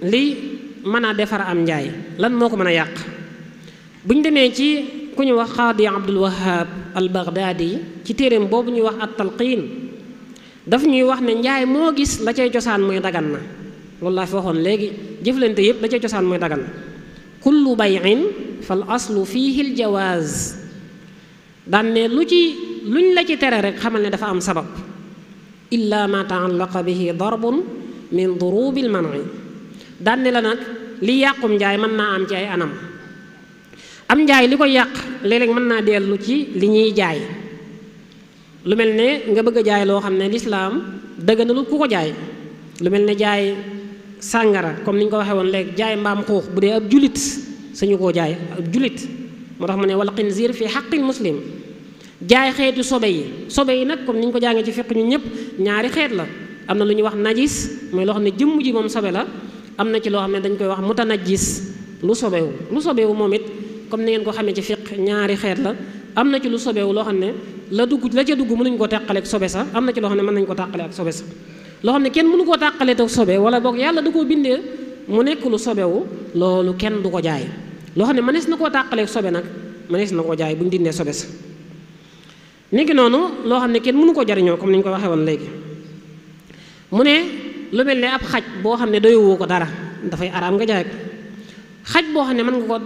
Speaker 1: li mën a defar am njaay lan moo ko mën a yàq buñ demee ci ku ñu wax xaadi abdul wahab al baghdadi ci téereem boobu ñuy wax at talqiin daf ñuy wax ne njaay moo gis la cay cosaan mooy dagan na loolu laa fi waxoon léegi jëflante yépp la cay cosaan mooy dagan na kullu bayin fal aslu fiihi l jawaaz daan lu ci luñ la ci tere rek xamal ne dafa am sabab illa ma taallaqa bihi darbun min durubil man'i daan la nag li yàqum njaay mën naa am ci ay anam am njaay li ko yàq léeg mën naa dellu ci li ñuy jaay lu mel ne nga bëgg a jaay loo xam ne lislaam dëgganalu ku ko jaay lu mel ne jaay sàngara comme ni ñu ko waxee woon léegi jaay mbaam xuux bu dee ab julit suñu koo jaay ab julit moo tax mu ne wal xinziir fi xaqil muslim jaay xeetu sobe yi sobe yi nag comme ni ñu ko jàngee ci fiq ñu ñëpp ñaari xeet la am na lu ñu wax najis mooy loo xam ne jëmm ji moom sobe la am na ci loo xam ne dañ koy wax mutanajis lu sobewu lu sobewu moom it comme ni ngeen ko xamee ci fiq ñaari xeet la am na ci lu sobewu loo xam ne la dugg la ca dugg mënuñ koo tàqale ak sobe sa am na ci loo xam ne mën nañ ko tàqale ak sobe sa loo xam ne kenn nu koo tàqalee te sobe wala boog yàlla da koo bindee mu nekk lu sobewu loolu kenn du ko jaay loo xam ne mënees na koo tàqaleeg sobe nag mënees na koo jaay bu ñu dindee sobe sa niki noonu loo xam ne kenn mënu ko jariñoo comme ni ñu ko waxee woon léegi mu ne lu mel ne ab xaj boo xam ne doyowoo ko dara dafay araam nga jaay ko xaj boo xam ne mën nga ko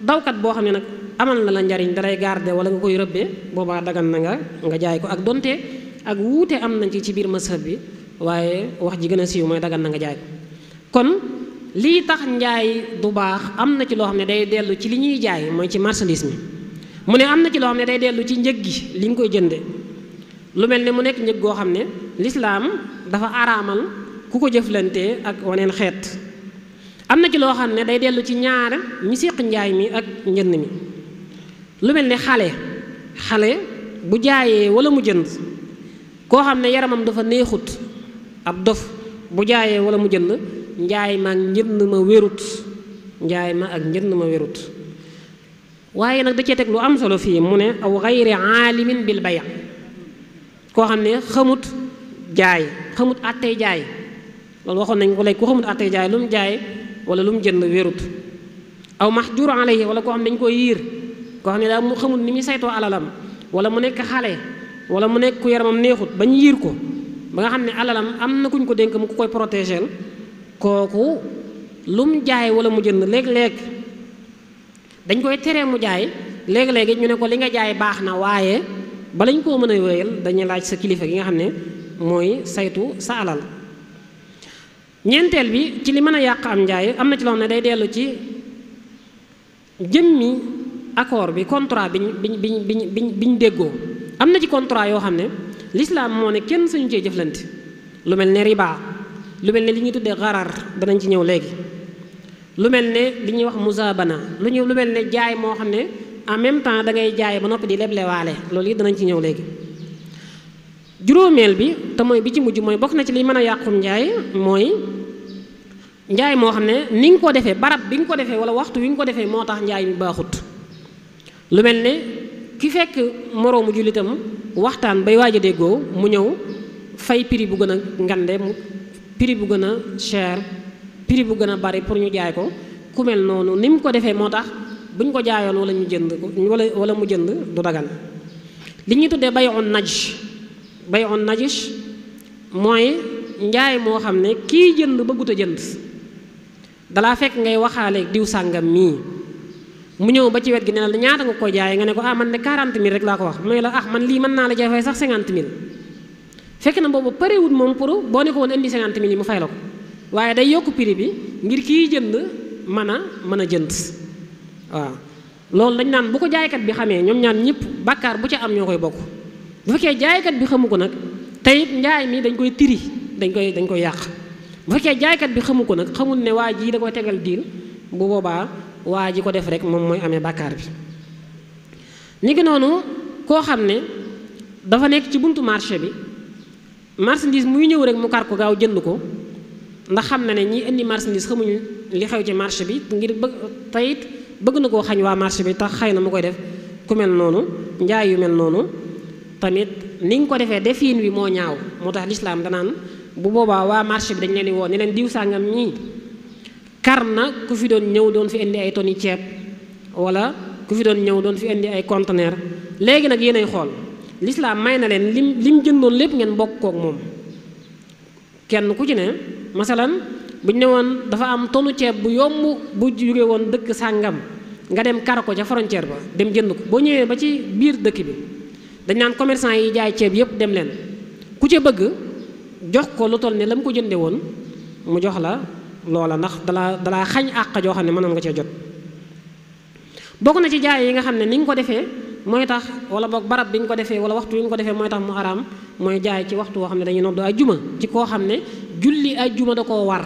Speaker 1: dawkat boo xam ne nag amal na la njariñ dalay garder wala nga koy rëbbee boobaa dagan na nga nga jaay ko ak donte ak wuute am nañ ci ci biir masab bi waaye wax ji gën a siiw mooy dagan na nga jaay lii tax njaay du baax am na ci loo xam ne day dellu ci li ñuy jaay mooy ci marchandise mi mu ne am na ci loo xam ne day dellu ci njëg gi li nga koy jënde lu mel ne mu nekk njëg goo xam ne lislaam dafa araamal ku ko jëflantee ak waneen xeet am na ci loo xam ne day dellu ci ñaar ñi séq njaay mi ak njënd mi lu mel ne xale xale bu jaayee wala mu jënd koo xam ne yaramam dafa neexut ab dof bu jaayee wala mu jënd njaay ma ak njënd ma wérut njaay ma ak njënd ma wérut waaye nag da cee teg lu am solo fii mu ne aw xayri aalimin bil bay koo xam ne xamut jaay xamut àttee jaay loolu waxoon nañ ko léegi ku jaay lu mu jaay wala lu mu jënd wérut aw mahjur alayhi wala koo xam ne ko yiir koo daal mu xamut ni muy saytoo alalam wala mu nekk xale wala mu nekk ku yaramam neexut bañ yiir ko ba nga xam ne alalam am na kuñ ko dénk mu ku koy protégeel kooku lu mu jaay wala mu jënd léeg-léeg dañ koy teree mu jaay léeg-léegi ñu ne ko li nga jaay baax na waaye balañ koo mën a wéyal dañuy laaj sa kilifa gi nga xam ne mooy saytu sa alal ñeenteel bi ci li mën a yàq am njaay am na ci loo xam ne day dellu ci jëmmi accord bi contrat bi biñ biñ biñ biñ biñ déggoo am na ci contrat yoo xam ne lislaam moo ne kenn sañu cee jëflante lu mel ne riba lu mel ne li ñuy tuddee xarar danañ ci ñëw léegi lu mel ne li ñuy wax musaabana lu ñu lu mel ne jaay moo xam ne en même temps da ngay jaay ba noppi di leblewaale lool it danañ ci ñëw léegi juróomeel bi te mooy bi ci mujj mooy bokk na ci liy mën a yàqum njaay mooy njaay moo xam ne ni nga ko defee barab bi nga ko defee wala waxtu wi nga ko defee moo tax njaay mi baaxut lu mel ne ki fekk moroomu jullitam waxtaan bay waaj a déggoo mu ñëw fay prix bu gën a ngande prix bu gën a cher prix bu gën a bari pour ñu jaay ko ku mel noonu ni mu ko defee moo tax bu ñu ko jaayoon wala ñu jënd ko wala wala mu jënd du dagan li ñuy tuddee bay on naj bay on najis mooy njaay moo xam ne kii jënd bëggut a jënd dalaa fekk ngay waxaale diw sàngam mii mu ñëw ba ci wet gi ne la ñaata nga ko jaayee nga ne ko ah man de 40 000 rek laa ko wax mu ne la ah man lii mën naa la jaay sax 50 000 fekk na boobu parewut moom pour boo ne ko woon indi cinquante mille yi mu fay la ko waaye day yokk prix bi ngir kiy jënd mën a mën a jënd waaw loolu dañ naan bu ko jaaykat bi xamee ñoom ñaan ñëpp bàkkaar bu ca am ñoo koy bokk bu jaaykat bi xamu ko nag tey njaay mi dañ koy tiri dañ koy dañ koy yàq bu fekkee jaaykat bi xamu ko nag xamul ne waa ji da koy tegal diil bu boobaa waa ji ko def rek moom mooy amee bàkkaar bi ni ngi noonu koo xam ne dafa nekk ci buntu marché bi marchandise muy ñëw rek mu kar ko gaaw jënd ko ndax xam na ne ñi indi marchandise xamuñu li xew ci marché bi ngir bëgg tayit bëgg na koo xañ waa marché bi tax xay na mu koy def ku mel noonu njaay yu mel noonu tamit ni nga ko defee defin wi moo ñaaw moo tax lislaam danaan bu boobaa waa marché bi dañ leen di woo ne leen diw sàngam ñii kar na ku fi doon ñëw doon fi indi ay toni ceeb wala ku fi doon ñëw doon fi indi ay conteneur léegi nag yéenay xool lislaam may na leen lim lim jëndoon lépp ngeen bokk kook moom kenn ku ci ne masalan bu ñu ne woon dafa am tonu ceeb bu yomb bu jóge woon dëkk sàngam nga dem kar ko ca frontière ba dem jënd ko boo ñëwee ba ci biir dëkk bi dañ naan commerçant yi jaay ceeb yépp dem leen ku ca bëgg jox ko lu toll ne la mu ko jënde woon mu jox la loola ndax dalaa dalaa xañ àq joo xam ne mënoon nga cee jot bokk na ci jaay yi nga xam ne ni nga ko defee mooy tax wala boog barab bi ñu ko defee wala waxtu bi ñu ko defee mooy tax mu araam mooy jaay ci waxtu woo xam ne dañuy noddu ajjuma ci koo xam ne julli ajjuma da koo war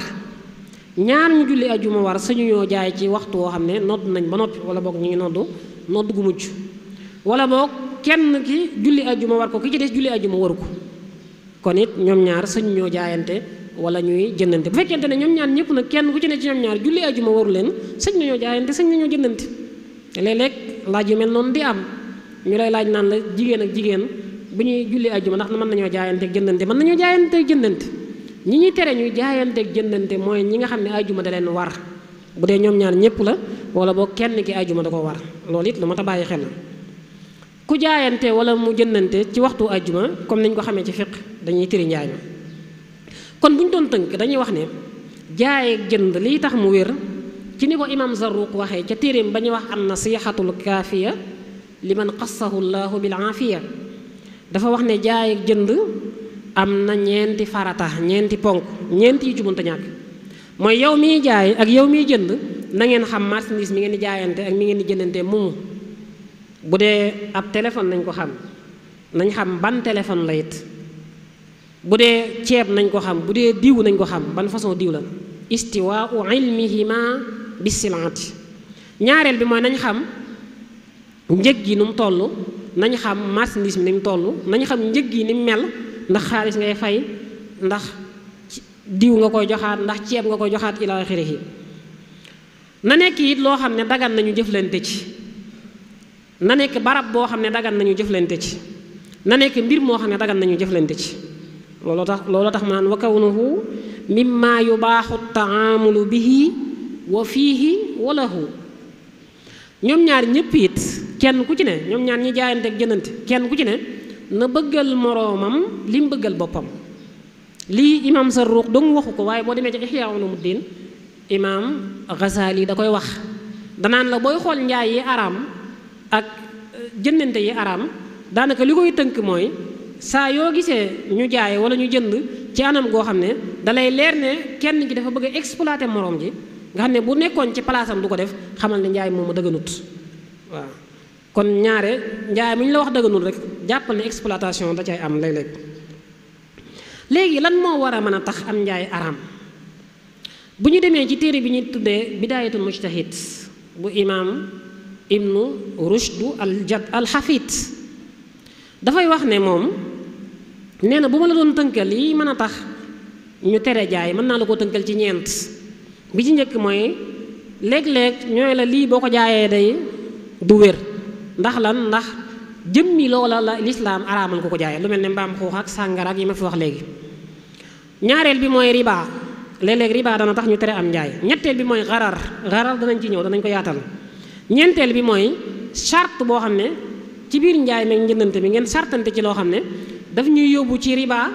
Speaker 1: ñaar ñu julli ajjuma war suñu ñoo jaay ci waxtu woo xam ne nodd nañ ba noppi wala boog ñu ngi noddu nodd gu mujj wala boog kenn ki julli ajjuma war ko ki ci des julli ajjuma waru ko kon it ñoom ñaar suñu ñoo jaayante wala ñuy jëndante bu fekkente ne ñoom ñaar ñëpp nag kenn ku ci ne ci ñoom ñaar julli ajjuma waru leen sëñ nañoo jaayante sëñ nañoo jëndante léeg-léeg laaj yu mel noonu di am ñu lay laaj naan la jigéen ak jigéen bu ñuy julli ajjuma ndax mën nañoo jaayanteeg jëndante mën nañoo jaayanteeg jëndante ñi ñuy tere ñuy jaayanteeg jëndante mooy ñi nga xam ne ajjuma da leen war bu dee ñoom ñaar ñëpp la wala boo kenn ki ajjuma da ko war loolu it lu mat bàyyi xel na ku jaayante wala mu jëndante ci waxtu ajjuma comme niñ ko xamee ci fiq dañuy tiri njaay ma kon bu ñu doon tënk dañuy wax ne jaay jënd lii tax mu wér ci ni ko imam Zarruq waxee ca téeréem ba ñuy wax an nasihatul kaafiya li man xassahu llaahu bil aafiya dafa wax ne jaay ak jënd am na ñeenti farata ñeenti ponk ñeenti yu ci mënta ñàkk mooy yow miy jaay ak yow miy jënd na ngeen xam marchandise mi ngeen di jaayante ak mi ngeen di jëndante moomu bu dee ab téléphone nañ ko xam nañ xam ban téléphone la it bu dee ceeb nañ ko xam bu dee diw nañ ko xam ban façon diw la istiwaau ilmihima bisilaati ñaareel bi mooy nañ xam njëg gi nu mu toll nañ xam marchandise mi ni mu toll nañ xam njëg yi ni mu mel ndax xaalis ngay fay ndax diw nga koy joxaat ndax ceeb nga koy joxaat ila axirihi na nekk it loo xam ne dagan nañu jëflante ci na nekk barab boo xam ne dagan nañu jëflante ci na nekk mbir moo xam ne dagan nañu jëflante ci looloo tax looloo tax maan wa kawnuhu mimma yubaaxu taamulu bihi wa fiihi wa lahu ñoom ñaar ñëpp it kenn ku ci ne ñoom ñaan ñi jaayante ak jënante kenn ku ci ne na bëggal moroomam li mu bëggal boppam lii imaam sa ruux dong waxu ko waaye boo demee ci mu Ulumuddin imaam Ghazali da koy wax danaan la booy xool njaay yi araam ak euh, jëndante yi araam daanaka li koy tënk mooy saa yoo gisee ñu jaay wala ñu jënd ci anam goo xam ne dalay leer ne kenn ci dafa bëgg a moroom ji nga xam ne bu nekkoon ci palaasam du ko def xamal ne njaay moom dëgganut waaw kon ñaare njaay mi ñu la wax dëgganul rek jàppal ne exploitation da cay am léeg-léeg léegi lan moo war a mën a tax am njaay araam bu ñu demee ci téere bi ñu tuddee bidaayatul mujtahid bu imaam ibnu rushdu al jad dafay wax ne moom nee na bu ma la doon tënkal yi mën a tax ñu tere jaay mën naa la ko tënkal ci ñeent bi ci njëkk mooy léeg-léeg ñooy la lii boo ko jaayee day bu wér ndax lan ndax jëmmi loola la lislaam araamal ku ko jaaye lu mel ne mbaam xuux ak sàngara ak yi ma fi wax léegi ñaareel bi mooy riba léeg-léeg riba dana tax ñu tere am njaay ñetteel bi mooy xarar xarar danañ ci ñëw danañ ko yaatal ñeenteel bi mooy charte boo xam ne ci biir njaay meeg njëndante bi ngeen sartante ci loo xam ne dafa ñuy yóbbu ci riba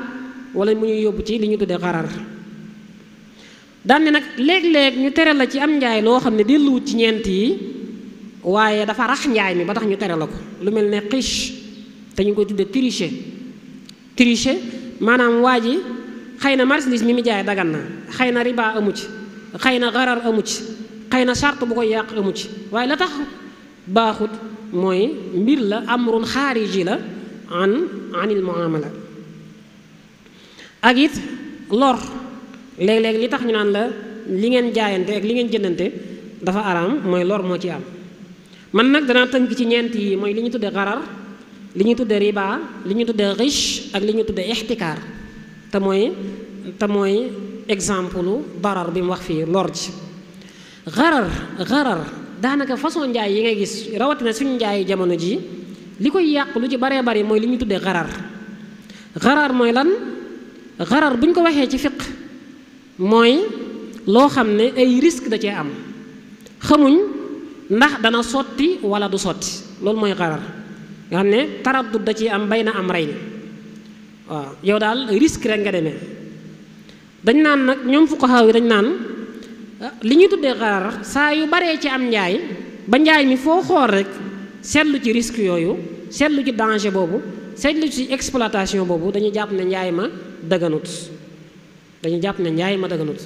Speaker 1: wala mu ñuy yóbbu ci li ñu tuddee xarar daan ne nag léeg-léeg ñu tere la ci am njaay loo xam ne delluwut ci ñeent yi waaye dafa rax njaay mi ba tax ñu tere la ko lu mel ne xiche dañu ko ngi koy tudde maanaam waa ji xëy na marchandise mi mu jaay dagan na xëy na riba amu ci xëy na garar amu ci xëy na charte bu koy yàq amu ci waaye la tax baaxut mooy mbir la amrun xaariji la an anil muamala ak it lor léeg-léeg li tax ñu naan la li ngeen jaayante ak li ngeen jëndante dafa araam mooy lor moo ci am man nag danaa tënk ci ñeent yi mooy li ñu tudde xarar li ñu tudde riba li ñu tudde riche ak li ñu tudde ixtikaar te mooy te mooy exemple barar bi mu wax fii lor ji xarar xarar daanaka façon njaay yi ngay gis rawatina suñu njaayi jamono ji li koy yàq lu ci baree bari mooy li ñu tuddee xarar xarar mooy lan xarar bu ñu ko waxee ci fiq mooy loo xam ne ay risque da cee am xamuñ ndax dana sotti wala du sotti loolu mooy xarar nga xam ne taraddud da ciy am bay na am rey ni waaw yow daal risque rek nga deme dañ naan nag ñoom fuqahaa yi dañ naan li ñuy tuddee xarar saa yu baree ci am njaay ba njaay mi foo xool rek seetlu ci risque yooyu seetlu ci danger boobu setlu ci exploitation boobu dañuy jàpp ne njaay ma dëgganut dañuy jàpp ne njaay ma dëgganut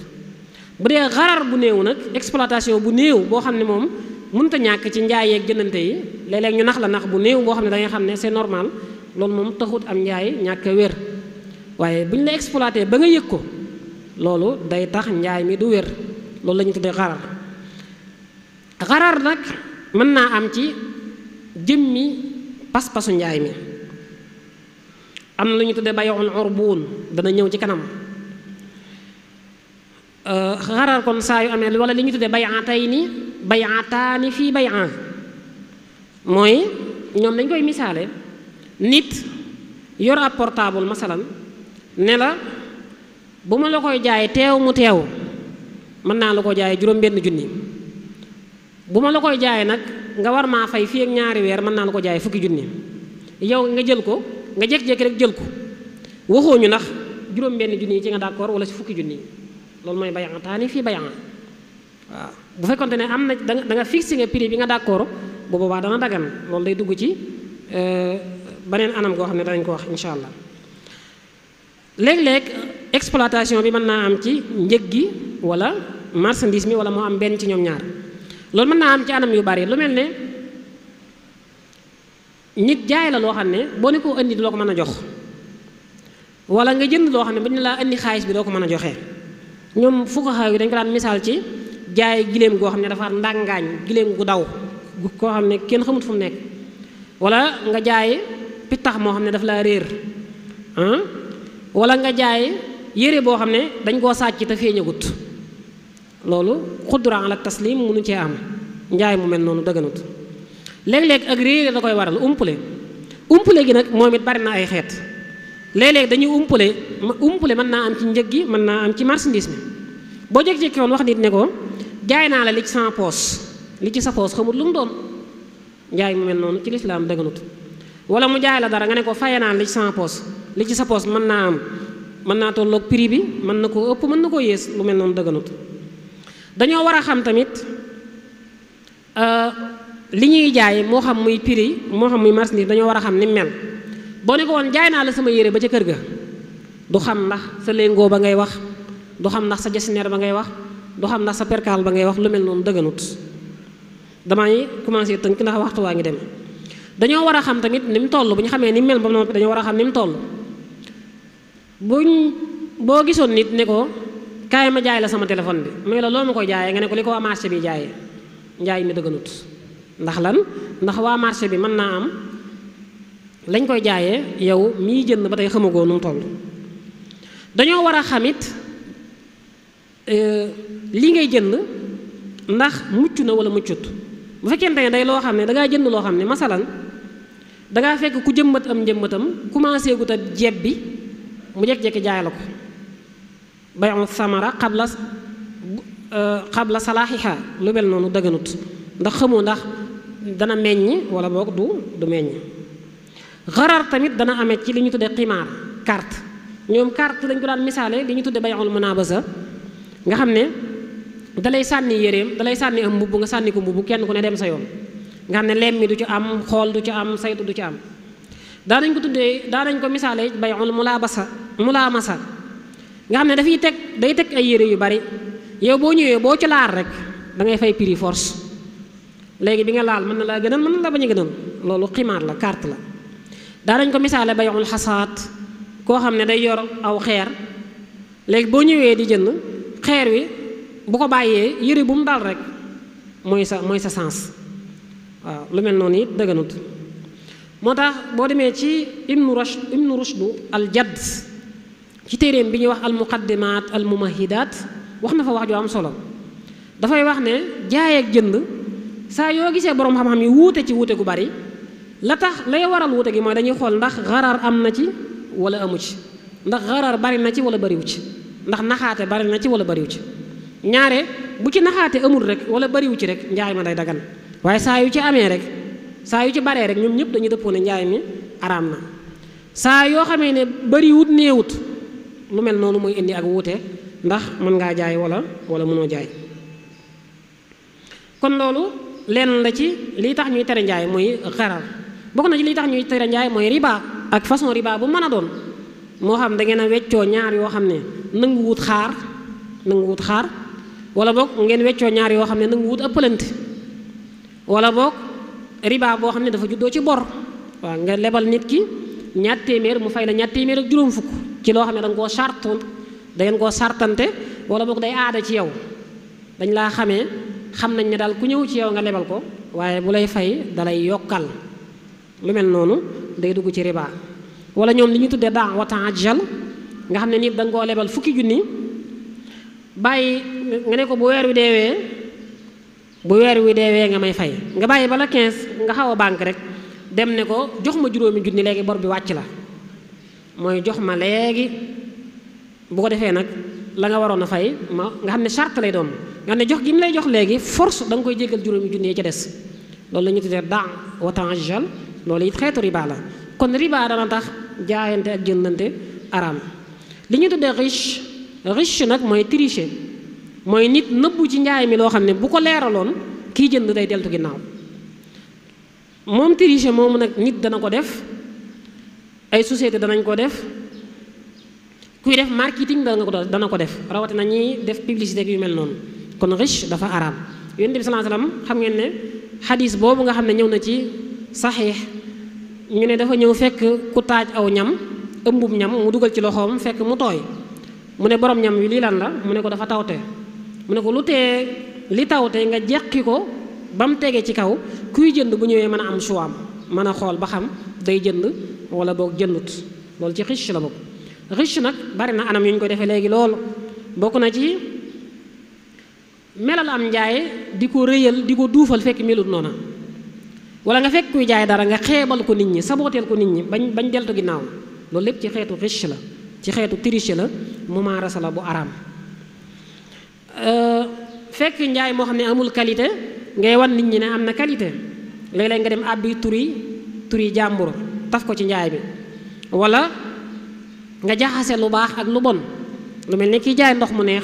Speaker 1: bu dee xarar bu néew nag exploitation bu néew boo xam ne moom munta ñàkk ci njaay yeeg jëndante yi léeg ñu nax la nax bu néew boo xam ne da xam ne c'est normal loolu moom taxut am njaay ñàkk a waaye bu ñu la exploité ba nga yëg ko loolu day tax njaay mi du wér loolu la ñu tuddee xarar xarar nag mën naa am ci jëmmi pas-pasu njaay mi am na lu ñu tuddee bayoon orbuun dana ñëw ci kanam Euh, xarar kon saa yu amee wala li ñu tuddee bay'atayni bay'ataani fii bay'a mooy ñoom dañ koy misaale nit yor ab portable masalan ne la bu ma la koy jaay teew mu teew mën naa la ko jaay juróom-benn junni bu ma la koy jaay nag nga war maa fay fii ak ñaari weer mën naa la ko jaay fukki junni yow nga jël ko nga jékki jekki rek jël ko waxooñu ndax juróom-benn junni yi ci nga d'accord wala ci fukki junni loolu mooy bay bayan taani fii bayan waaw bu fekkonte ne am na da nga fixé nga piri bi nga d'accord bu boobaa dana dagan loolu day dugg ci euh, beneen anam goo xam ne danañ ko wax insha allah léeg-léeg exploitation bi mën naa am ci njëg gi wala marchandise mi wala moo am benn ci ñoom ñaar loolu mën naa am ci anam yu bari lu mel ne nit jaay la loo xam ne boo ne koo indi doo ko mën a jox wala nga jënd loo xam ne bu ñu laa indi xaalis bi doo ko mën a joxee ñoom fuqaha yi dañ ko daan misaal ci jaay giléem goo xam ne dafa ndàngaañ giléem gu daw gu koo xam ne kenn xamut fu mu nekk wala nga jaay pittax moo xam ne daf laa réer ah? wala nga jaay yére boo xam ne dañ koo sàcc te feeñagut loolu la ala taslim mënu cee am njaay mu mel noonu dëgganut léeg lekk ak réer da koy waral umpule umpule gi nag moom it bari na ay xeet léeg-léeg dañuy umpule umpule mën naa am ci njëg gi mën naa am ci marchandise bi boo jeg jekkoon wax nit ne ko jaay naa la li ci sama poos li ci sa poos xamut lu mu doon njaay mu mel noonu ci lislaam dëgganut wala mu jaay la dara nga ne ko faye naa li ci sama poos li ci sa poos mën naa am mën naa tolloog prix bi mën na koo ëpp mën na koo yées lu mel noonu dëgganut dañoo war a xam tamit euh, li ñuy jaay moo xam muy prix moo xam muy marchandise dañoo war a xam ni mel boo ne ko woon jaay naa la sama yére ba ca kër ga du xam ndax sa léngoo ba ngay wax du xam ndax sa jasineer ba ngay wax du xam ndax sa perkaal ba ngay wax lu mel noonu dëgganut damay commencé tënk ndax waxtu waa ngi deme dañoo war a xam tamit ni mu toll bu ñu xamee ni mu mel ba noppi dañoo war a xam ni mu toll ñu boo gisoon nit ne ko kaay ma jaay la sama téléphone bi mu la loo ma ko jaayee nga ne ko li ko waa bi jaayee njaay mi dëgganut ndax lan ndax bi mën naa am lañ koy jaaye yow mii jënd ba tey xamagoo nu mu dañoo war a xamit euh, li ngay jënd ndax mucc na wala muccut bu fekkente ne day loo xam ne dangaa jënd loo xam ne masalan dangaa fekk ku jëmbat am njëmbatam commencé gu ta jeeb bi mu jekk-jekki jaay la ko bayon samara xabla xabla euh, salaaxiha lu mel noonu dëgganut ndax xamoo ndax dana meññ wala boog du du meññ xarar tamit dana amee ci li ñu tuddee ximaar carte ñoom carte dañ ko daan misaale li ñu tuddee bay'ul munabasa nga xam ne dalay sànni yéreem dalay sànni am nga sànni ko mbubb kenn ku ne dem sa yoon nga xam ne lem mi du ci am xool du ci am saytu du ci am daanañ ko tuddee daanañ ko misaale bay'ul mulabasa mulamasa nga xam ne dafay teg day teg ay yére yu bari yow boo ñëwee boo ci laal rek da ngay fay prix force léegi bi nga laal mën na laa gënal mën na la bañ a gënal loolu ximaar la carte la daanañ ko misaale bayul xasaat koo xam ne day yor aw xeer léegi boo ñëwee di jënd xeer wi bu ko bàyyee yëre bu mu dal rek mooy sa mooy sa sens waaw lu mel noonu it dëgganut moo tax boo demee ci ibnu rush ibnu rushdu al jadd ci téeréem bi ñuy wax al muqaddimaat al mumahidaat wax na fa wax ju am solo dafay wax ne jaayeek jënd saa yoo gisee boroom xam-xam yi wuute ci wuute gu bari la tax lay waral wute gi mooy dañuy xool ndax xaraar am na ci wala amu ci ndax xaraar bari na ci wala bariwu ci ndax naxaate bari na ci wala bariwu ci ñaare bu ci naxaate amul rek wala bariwu ci rek njaay ma day dagan waaye saa yu ci amee rek saa yu ci baree rek ñoom ñëpp dañuy dëppoo njaay mi araam na saa yoo xamee ne bariwut néewut lu mel noonu mooy indi ak wuute ndax mën ngaa jaay wala wala mënoo jaay kon loolu lenn la ci lii tax ñuy tere njaay muy xaraar bokk na ci li tax ñuy tere njaay mooy riba ak façon riba bu mën a doon moo xam da ngeen a weccoo ñaar yoo xam ne nangu xaar nangu wut xaar wala boog ngeen weccoo ñaar yoo xam ne nangu wut ëppalante wala boog riba boo xam ne dafa juddoo ci bor waaw nga lebal nit ki ñaat téeméer mu fay la ñaat téeméer ak juróom fukk ci loo xam ne da nga koo sartoon dangeen koo sartante wala book day aada ci yow dañ laa xamee xam nañ ne daal ku ñëw ci yow nga lebal ko waaye bu lay fay dalay yokkal lu mel noonu day dugg ci riba wala ñoom li ñu tuddee daa wa taajjal nga xam ne nit da nga koo lebal fukki junni bàyyi nga ne ko bu weer wi deewee bu weer wi deewee nga may fay nga bàyyi bala 15 nga xaw a banque rek dem ne ko jox ma juróomi junni léegi bor bi wàcc la mooy jox ma léegi bu ko defee nag la nga waroon a fay ma nga xam ne charte lay doon nga ne jox gi mu lay jox léegi force da koy jéggal juróomi junni yi ca des loolu la ñu tuddee daa wa taajjal loolu it xeetu riba la kon riba dana tax jaayante ak jëndante araam li ñu tuddee riche riche nag mooy tricher mooy nit nëbbu ci njaay mi loo xam ne bu ko leeraloon kii jënd day deltu ginnaaw moom tricher moomu nag nit dana ko def ay société danañ ko def kuy def marketing dana ko dana ko def rawatina ñuy def publicité yu mel noonu kon riche dafa araam yonent bi sallallahu alayhi wasallam xam ngeen ne xadis boobu nga xam ne ñëw na ci saxiix ñu ne dafa ñëw fekk ku taaj aw ñam ëmbub ñam mu dugal ci loxoom fekk mu tooy mu ne borom ñam wi lii lan la mu ne ko dafa tawte mu ne ko lu tee li tawte nga jekki ko ba mu tegee ci kaw kuy jënd bu ñëwee mën a am choix mën a xool ba xam day jënd wala boog jëndut loolu ci riche la bokk riche nag bari na anam yu ñu ko defee léegi loolu bokk na ci melal am njaay di ko rëyal di ko duufal fekk melut noona wala nga fekk kuy jaay dara nga xeebal ko nit ñi sabooteel ko nit ñi bañ bañ deltu ginnaaw loolu lépp ci xeetu riche la ci xeetu triche la mumaarasa la bu araam euh, fekk njaay moo xam ne amul qualité ngay wan nit ñi ne am na qualité léeg-léeg nga dem àbbi turi turi jàmbur taf ko ci njaay bi wala nga jaxase lu baax ak lu bon lu mel ne kiy jaay ndox mu neex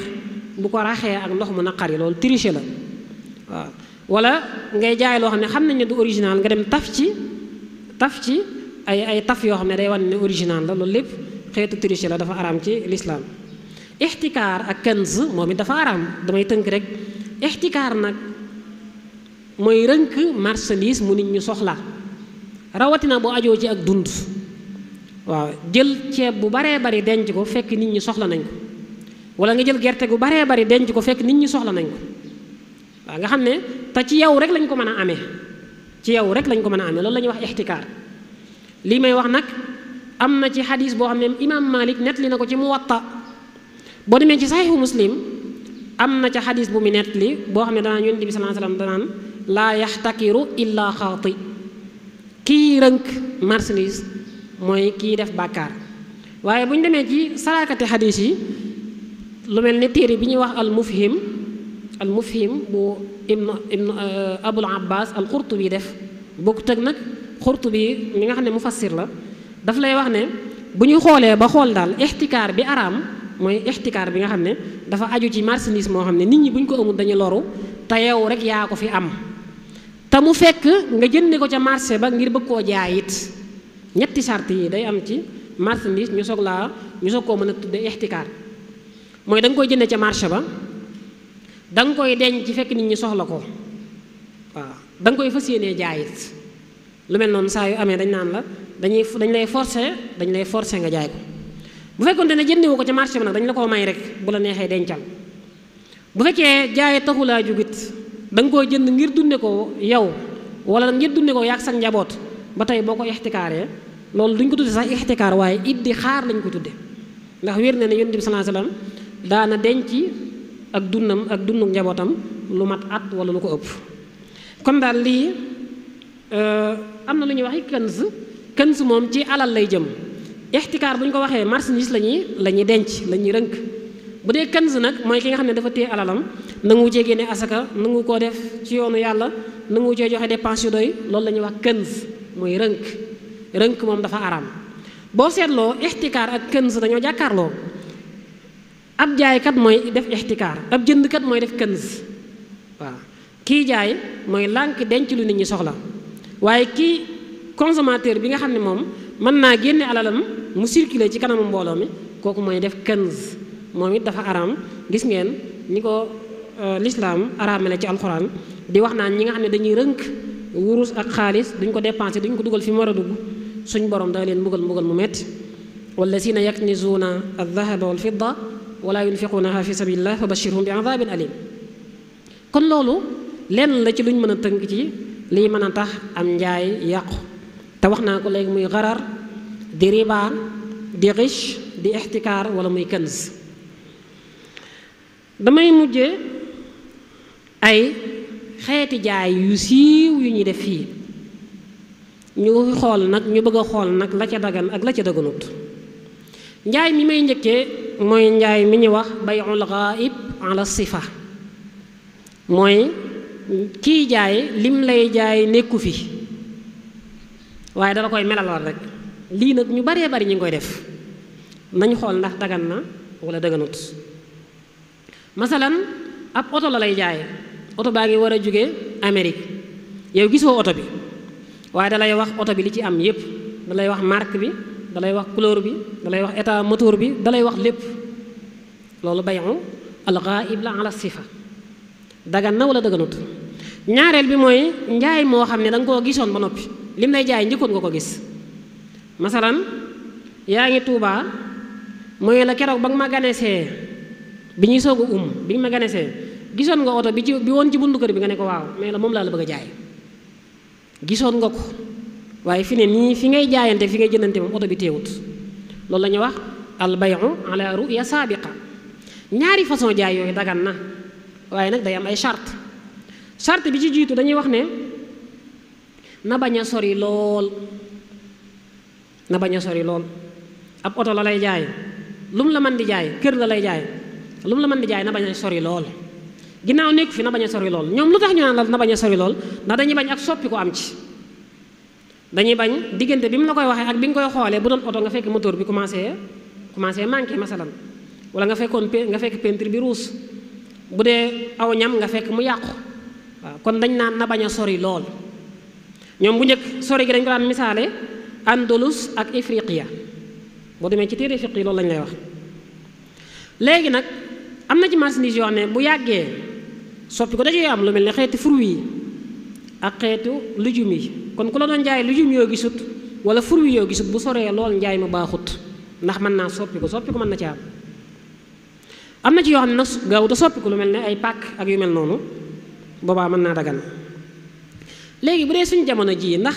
Speaker 1: bu ko raxee ak ndox mu naqari loolu triche la waaw wala ngay jaay loo xam ne xam nañ ne du original nga dem taf ci taf ci ay ay taf yoo xam ne day wane ne original la loolu lépp xeetu triche la dafa araam ci lislaam ixtikaar ak kanz moom it dafa araam damay tënk rek ixtikaar nag mooy rënk marchandise mu nit ñu soxla rawatina boo ajoo ci ak dund waaw jël ceeb bu baree bari denc ko fekk nit ñi soxla nañ ko wala nga jël gerte gu baree bari denc ko fekk nit ñi soxla nañ ko waaw nga xam ne te ci yow rek lañ ko mën a amee ci yow rek lañ ko mën a amee loolu la ñuy wax ixtikaar lii may wax nag am na ci xadis boo xam ne imaam Malik li na ko ci Muwatta boo demee ci saxiixu muslim am na ca xadis bu mu li boo xam ne danaan yonent bi sallallahu alayhi wasallam danaan laa yaxtakiru illaa xaati kii rënk marchandise mooy kii def bàkkaar waaye demee ci sarakati yi lu mel ne téere bi ñuy wax al mufhim al mufhim bu ibnu ibnu euh, abul abbas al xurtubi def bokk tëg nag xurtubi mi nga xam ne mufassir la daf lay wax ne bu ñu xoolee ba xool daal ixtikaar bi araam mooy ixtikaar bi nga xam ne dafa aju ci marchandise moo xam ne nit ñi buñ ko amul dañu loru te yow rek yaa ko fi am te mu fekk nga jënde ko ca marché ba ngir bëgg koo jaay it ñetti sart yi day am ci marchandise ñu soog laa ñu soog koo mën a tudd ixtikaar mooy da koy jënde ca marché ba da nga koy denc ci fekk nit ñi soxla ko waaw da nga koy fas yéenee jaayit lu mel noonu saa yu amee dañ naan la dañuy dañ lay forcer dañ lay forcer nga jaay ko bu fekkonte ne jëndee woo ko ci marché bi nag dañ la koo may rek bu la neexee dencal bu fekkee jaay taxulaa jugit da nga koy jënd ngir dunde ko yow wala ngir dunde ko yaag sa njaboot ba tey boo ko ixtikaaree loolu duñ ko tudde sax ixtikaar waaye iddi xaar lañ ko tudde ndax wér na ne yonent bi sallallahu alayhi daana denc ak dundam ak dundu njabootam lu mat at wala lu ko ëpp kon daal lii euh, am na lu ñuy wax këns këns moom ci alal lay jëm ixtikaar bu ñu ko waxee marchandise la ñuy la ñuy denc la ñuy rënk bu dee këns nag mooy ki nga xam ne dafa téye alalam nangu cee génne asaka nangu koo def ci yoonu yàlla nangu cee joxe dépense yu doy loolu la ñuy wax këns mooy rënk rënk moom dafa araam boo seetloo ixtikaar ak këns dañoo jàkkaarloo ab jaaykat mooy def ixtikaar ab jëndkat mooy def kënz waa kii jaay mooy lànk denc lu nit ñi soxla waaye kii consommateur bi nga xam ne moom mën naa génne alalam mu circulé ci kanamu mbooloo mi kooku mooy def kënz moom it dafa araam gis ngeen ni ko euh, lislaam araamale ci alxuraan di wax naan ñi nga xam ne dañuy rënk wurus ak xaalis duñ ko dépensé duñ ko dugal fi mu war a dugg suñ borom da leen mbugal mbugal mu metti wallazina yaknizuuna aldahaba walfidda wala yunfiqunaha fi sabilillah fa bashirhum bi adabin alim kon loolu lenn la ci luñ mën a tënk ci lii mën a tax am njaay yàqu te wax naa ko léegi muy xarar di ribaa di riche di ixtikaar wala muy këns damay mujje ay xeeti jaay yu siiw yu ñuy def fii ñu xool nag ñu bëgg a xool nag la ca dagan ak la ca daganut njaay mi may njëkkee mooy njaay mi ñu wax bayul ghaib ala sifa mooy kii jaay lim lay jaay nekku fi waaye dala koy melaloon rek lii nag ñu baree bari ñu ngi koy def nañ xool ndax dagan na wala daganut masalan ab oto la lay jaay oto baa ngi war a jóge Amérique yow gisoo oto bi waaye dalay wax oto bi li ci am yépp dalay wax marque bi dalay wax couleur bi dalay wax état moteur bi dalay wax lépp loolu bayu alxaayib la ala sifa dagan na wala daganut ñaareel bi mooy njaay moo xam ne da ko gisoon ba noppi lim lay jaay njëkkoon nga ko gis masalan yaa ngi tuubaa mooy la keroog ba nga ma ganesee bi ñuy soog a um bi nga ma ganesee gisoon nga oto bi ci bi woon ci bundu kër bi nga ne ko waaw mais la moom laa la bëgg a jaay gisoon nga ko waaye fi ne nii fi ngay jaayante fi ngay jëndante moom oto bi teewut loolu la ñuy wax albayu ala ruya saabiqa ñaari façon jaay yooyu dagan na waaye nag day am ay charte charte bi ci jiitu dañuy wax ne na bañ a sori lool na bañ a sori lool ab la lay jaay lu mu la mën di jaay kër la lay jaay lu mu la mën di jaay na bañ sori lool ginnaaw nekk fi na bañ a sori lool ñoom lu tax ñu naan la na bañ a sori lool ndax dañuy bañ ak soppi ko am ci dañuy bañ diggante bi mu la koy waxee ak bi nga koy xoolee bu doon oto nga fekk moteur bi commencé commencé manqué masalan wala nga fekkoon nga fekk peinture bi ruus bu dee aw ñam nga fekk mu yàqu waaw kon dañ naan na bañ a sori lool ñoom bu njëkk sori gi dañ ko daan misaale andalus ak ya boo demee ci téere fiq yi loolu lañ lay wax léegi nag am na ci marchandise yoo xam bu yàggee soppi ko dañuy am lu mel ni xeeti fruit yi ak xeetu lujum yi kon ku la doon jaay lu jum yoo gisut wala fur wi yoo gisut bu soree lool njaay ma baaxut ndax mën naa soppi ko soppi ko mën na ci am na ci yoo xam ne nag gaawut soppi ko lu mel ne ay pàkk ak yu mel noonu boobaa mën naa dagan léegi bu dee suñu jamono jii ndax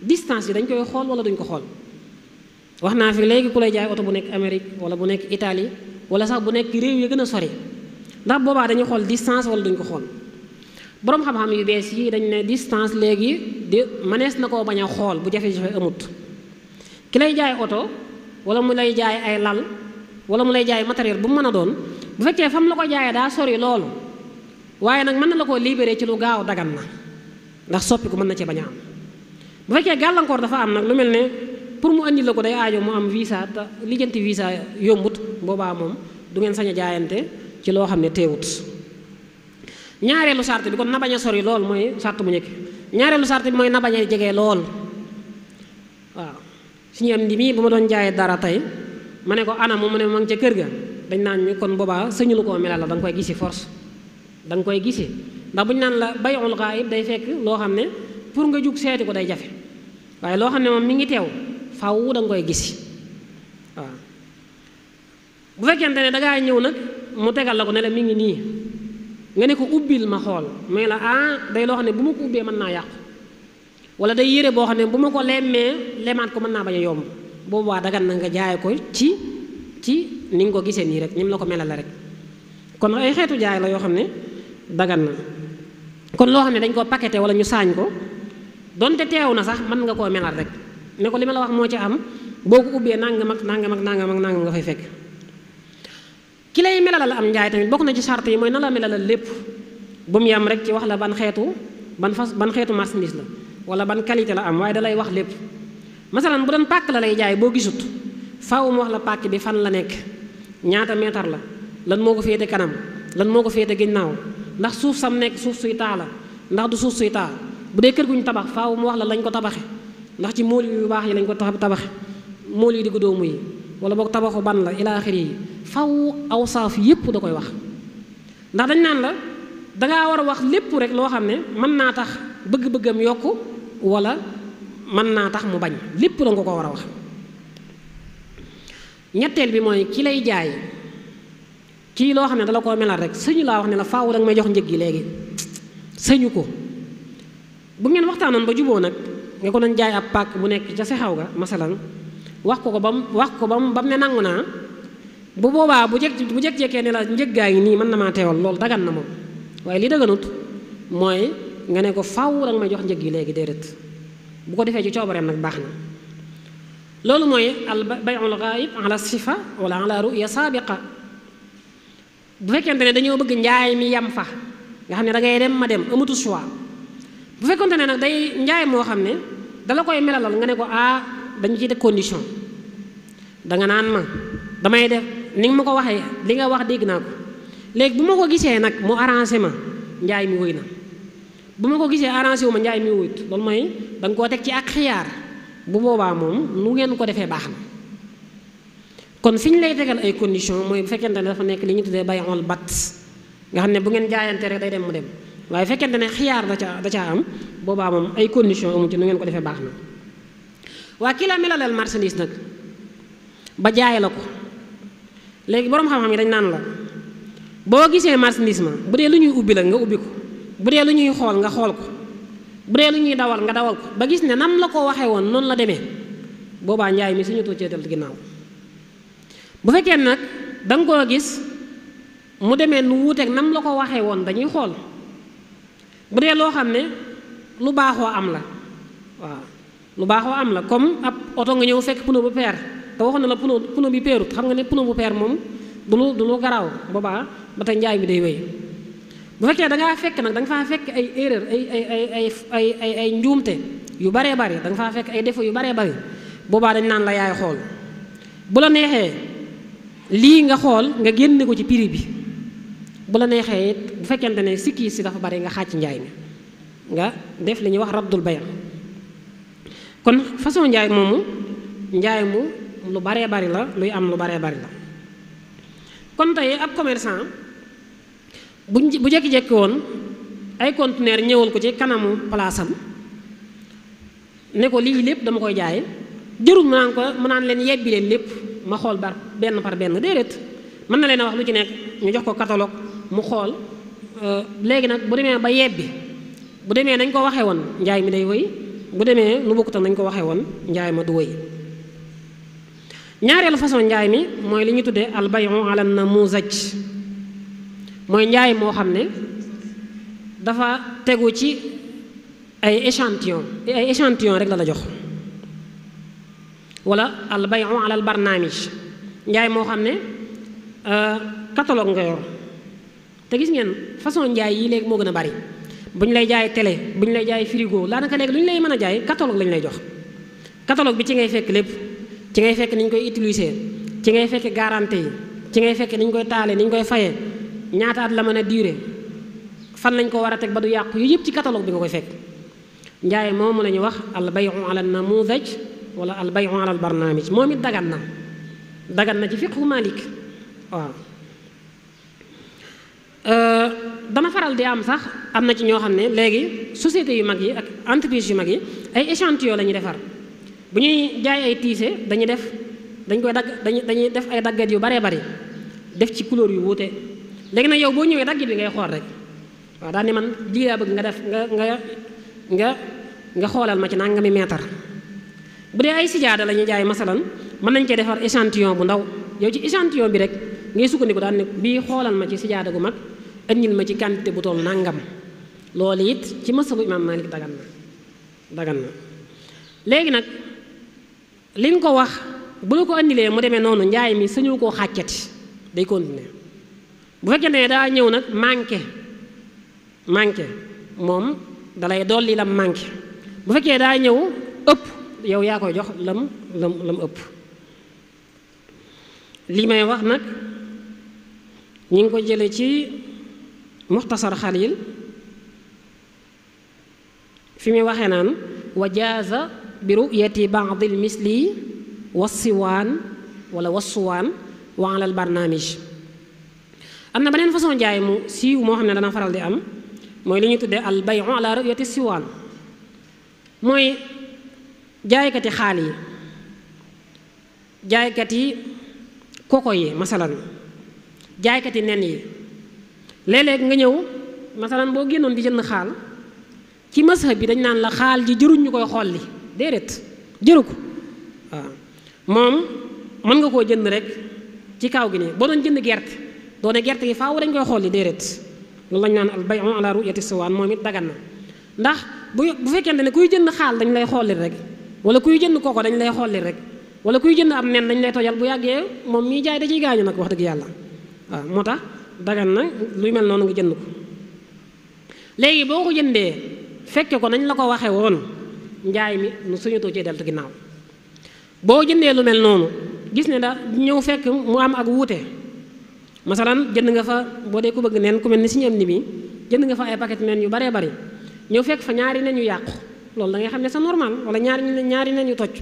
Speaker 1: distance yi dañ koy xool wala duñ ko xool wax naa fi léegi ku lay jaay oto bu nekk Amérique wala bu nekk itaali wala sax bu nekk réew yi gën a sori ndax boobaa dañuy xool distance wala duñ ko xool boroom xam-xam yu bees yi dañ ne distance léegi di mënees na koo bañ a xool bu jafe-jafe amut ki lay jaay oto wala mu lay jaay ay lal wala mu lay jaay matériel bu mu mën a doon bu fekkee fam la ko jaayee daa sori loolu waaye nag mën na la koo libéré ci lu gaaw dagan na ndax soppi ko mën na ci bañ a am bu fekkee gàllankoor dafa am nag lu mel ne pour mu indi la ko day aajo mu am visa te lijjanti visa yombut boobaa moom du ngeen sañ a jaayante ci loo xam ne teewut ñaareelu sart bi kon na bañ a sori lool mooy sart bu njëkk ñaareelu sart bi mooy na bañ a jege lool waaw suñu am di mii bu ma doon jaayee dara tey ma ne ko moom mu ne ma ngi ca kër ga dañ naan ñu kon boobaa sëñu lu koo melal la da koy gisi force danga koy gisi ndax bu ñu naan la bayul xaayib day fekk loo xam ne pour nga jug seeti ko day jafe waaye loo xam ne moom mi ngi teew faw danga koy gisi waaw bu fekkente ne da ñëw nag mu tegal la ko ne la mi ngi nga ne ko ubbil ma xool mais la ah day loo xam ne bu ma ko ubbee mën naa yàqu wala day yére boo xam ne bu ma ko lemmee lemaat ko mën naa bañ a yomb boobaa dagan na nga jaay ko ci ci ni nga ko gisee nii rek ni mu la ko melal rek kon ay xeetu jaay la yoo xam ne dagan na kon loo xam ne dañ ko paqueté wala ñu saañ ko donte teew na sax mën nga koo melal rek ne ko li ma la wax moo ci am boo ko ubbee nangam ak nangam ak nangam ak nangam nga fay fekk ki lay melalal am njaay tamit bokk na ci charte yi mooy na la melalal lépp bu mu yam rek ci wax la ban xeetu ban fas ban xeetu marchandise la wala ban qualité la am waaye da lay wax lépp masalan bu doon pàkk la lay jaay boo gisut faaw mu wax la pàkk bi fan la nekk ñaata meetar la lan moo ko féete kanam lan moo ko féete ginnaaw ndax suuf sam nekk suuf suy taa la ndax du suuf suy taa bu dee kër gu ñu tabax faaw mu wax la lañ ko tabaxe ndax ci mool yu baax yi lañ ko tabaxe mool yi di ko doomu yi wala boog tabaxu ban la ila axiri yi faw aw saaf yépp da koy wax ndax dañ naan la danga war a wax lépp rek loo xam ne mën naa tax bëgg-bëggam yokk wala mën naa tax mu bañ lépp da nga ko war a wax ñetteel bi mooy ki lay jaay kii loo xam ne dala koo melal rek sëñu laa wax ne la faaw danga may jox njëg gi léegi sëñu ko bu ngeen waxtaanoon ba juboo nag nga ko doon jaay ab pàkk bu nekk ca sexaw ga masalan wax ko ko ba mu wax ko ba mu ba ne nangu naa bu boobaa bu jëkk bu jëkk-jekkee ne la njëggaa ngi nii mën na maa teewal loolu dagan na moom waaye li daganut mooy nga ne ko faw da nga may jox njëg yi léegi déedéet bu ko defee ci coobareem nag baax na loolu mooy al bayul gaib ala sifa wala ala ruya sabiqa bu fekkente ne dañoo bëgg njaay mi yam fa nga xam ne da ngay dem ma dem amatu choix bu fekkonte ne nag day njaay moo xam ne dala koy melalal nga ne ko ah dañu ci teg condition danga naan ma damay def ni nga ma ko waxee li nga wax dégg naa ko léegi bu ma ko gisee nag mu arrangé ma njaay mi woy na bu ma ko gisee arrangé wu ma njaay mi wëyut loolu mooy da koo teg ci ak xiyaar bu boobaa moom nu ngeen ko defee baax na kon fi ñu lay tegal ay condition mooy bu fekkente ne dafa nekk li ñu tuddee bay'ul bat nga xam ne bu ngeen jaayante rek day dem mu dem waaye fekkente ne xiyaar da ca da caa am boobaa moom ay condition amu ci nu ngeen ko defee baax na waa kii la melaleel marchandise nag ba jaay la ko léegi boroom xam-xam yi dañ naan la boo gisee marchandise ma bu dee lu ñuy ubbi la nga ubbi ko bu dee lu ñuy xool nga xool ko bu dee lu ñuy dawal nga dawal ko ba gis ne nam la ko waxee woon noonu la demee boobaa njaay mi suñu tuccee dal ginnaaw bu fekkee nag danga koo gis mu demee nu wuuteeg nam la ko waxee woon dañuy xool bu dee loo xam ne lu baaxoo am la waaw lu baaxoo am la comme ab oto nga ñëw fekk pneu bu peer te waxoon na la pneu pneu bi xam nga ne pneu bu peer moom du lu du lu garaaw boobaa ba tey njaay bi day wéy bu fekkee da ngaa fekk nag da nga faa fekk ay erreur ay ay ay ay ay ay njuumte yu baree bari danga nga faa fekk ay défaut yu baree bari boobaa dañ naan la yaay xool bu la neexee lii nga xool nga génne ko ci prix bi bu la neexee bu fekkente ne sikki si dafa bari nga xàcc njaay mi nga def li ñuy wax rabdul bay kon façon njaay moomu njaay mu lu baree bari la luy am lu baree bari la kon tey ab commerçant bu bu jekki-jekki woon ay conteneur ñëwal ko ci kanamu palaasam ne ko lii lépp dama koy jaay jërul mu naan ko mu naan leen yebbi leen lépp ma xool bar benn par benn déedéet mën na leen a wax lu ci nekk ñu jox ko catalogue mu xool euh, léegi nag bu demee ba yebbi bu demee nañ ko waxee woon njaay mi day woy bu demee nu bokkut nañ ko waxee woon njaay ma du wëy ñaareelu façon njaay mi mooy li ñu tuddee albayon alan na muusaj mooy njaay moo xam ne dafa tegu ci ay échantillon ay échantillon rek la jox wala albayon alal barnaamij njaay moo xam ne euh, catalogue nga yor te gis ngeen façon njaay yi léegi moo gën a bari bu ñu lay jaay télé bu ñu lay jaay frigo daanaka léegi lu ñu lay mën a jaay catalogue lañ lay jox catalogue bi ci ngay fekk lépp ci ngay fekk ni koy utiliser ci ngay fekk garantie yi ci ngay fekk ni koy taale ni koy fayee ñaata at la mën a diire fan lañ ko war a teg ba du yàq yu yëpp ci catalogue bi nga koy fekk njaay moomu la ñu wax al bayu ala namudaj wala al bayu ala al barnaamij moom it dagan na dagan na ci fiqhu Malik waaw Euh, dana faral di am sax am na ci ñoo xam ne léegi société yu mag yi ak entreprise yu mag yi ay échantillon lañuy defar bu ñuy jaay ay tiise dañuy def dañ koy dagg dañuy def ay daggat yu baree bari def ci couleur yu wuute léegi nag yow boo ñëwee daggit bi ngay xool rek waaw daal man lii laa bëgg nga def nga nga nga nga xoolal ma ci nangami meetar bu dee ay sijaada la ñuy jaay masalan mën nañ cee defar échantillon bu ndaw yow ci échantillon bi rek ngay sukkandiku daal bii xoolal ma ci sijaada gu mag ëndil ma ci quantité bu toll nangam loolu it ci masabu imaam Malik dagan na dagan na léegi nag liñ ko wax bu la ko indilee mu demee noonu njaay mi sañu koo xàccati day continuer bu fekkee ne daa ñëw nag manqué manqué moom dalay dolli la manqué bu fekkee daa ñëw ëpp yow yaa koy jox lam lam ëpp li may wax nag ñu ngi ko jële ci muxtasar xalil fi muy waxee naan wa jaaza bi ruyati baadil misli wassiwaan wala wassuwaan wa alal barnaamij am na beneen façon jaay mu siiw moo xam ne dana faral di am mooy li ñuy tuddee al bayu ala ruyati siwaan mooy jaaykati xaal yi jaaykati koko yi masalan jaaykati nen yi léeg nga ñëw masalan boo génnoon di jënd xaal ci mazhab bi dañ naan la xaal ji jëruñ ñu koy xolli déedéet jëru ko waaw moom mën nga koo jënd rek ci kaaw gi ne boo doon jënd gerte doo ne gerte gi faaw dañ koy xolli déedéet loolu lañ naan al bay'u ala ru'yati sawaan moom it dagan na ndax bu bu fekkente ne kuy jënd xaal dañ lay xolli rek wala kuy jënd kooko dañ lay xolli rek wala kuy jënd am nen dañ lay tojal bu yàggee moom mi jaay da ciy gaañu nag wax dëgg yàlla dagan na luy mel noonu nga jënd ko léegi boo ko jëndee fekke ko nañ la ko waxee woon njaay mi nu suñu too cee deltu ginnaaw boo jëndee lu mel noonu gis ne da ñëw fekk mu am ak wuute masalan jënd nga fa boo dee ko bëgg neen ku mel ni si ñu am ni mi jënd nga fa ay paquet neen yu baree bari ñëw fekk fa ñaari nen yu yàqu loolu da ngay xam ne c'est normal wala ñaari ñaari nen yu tocc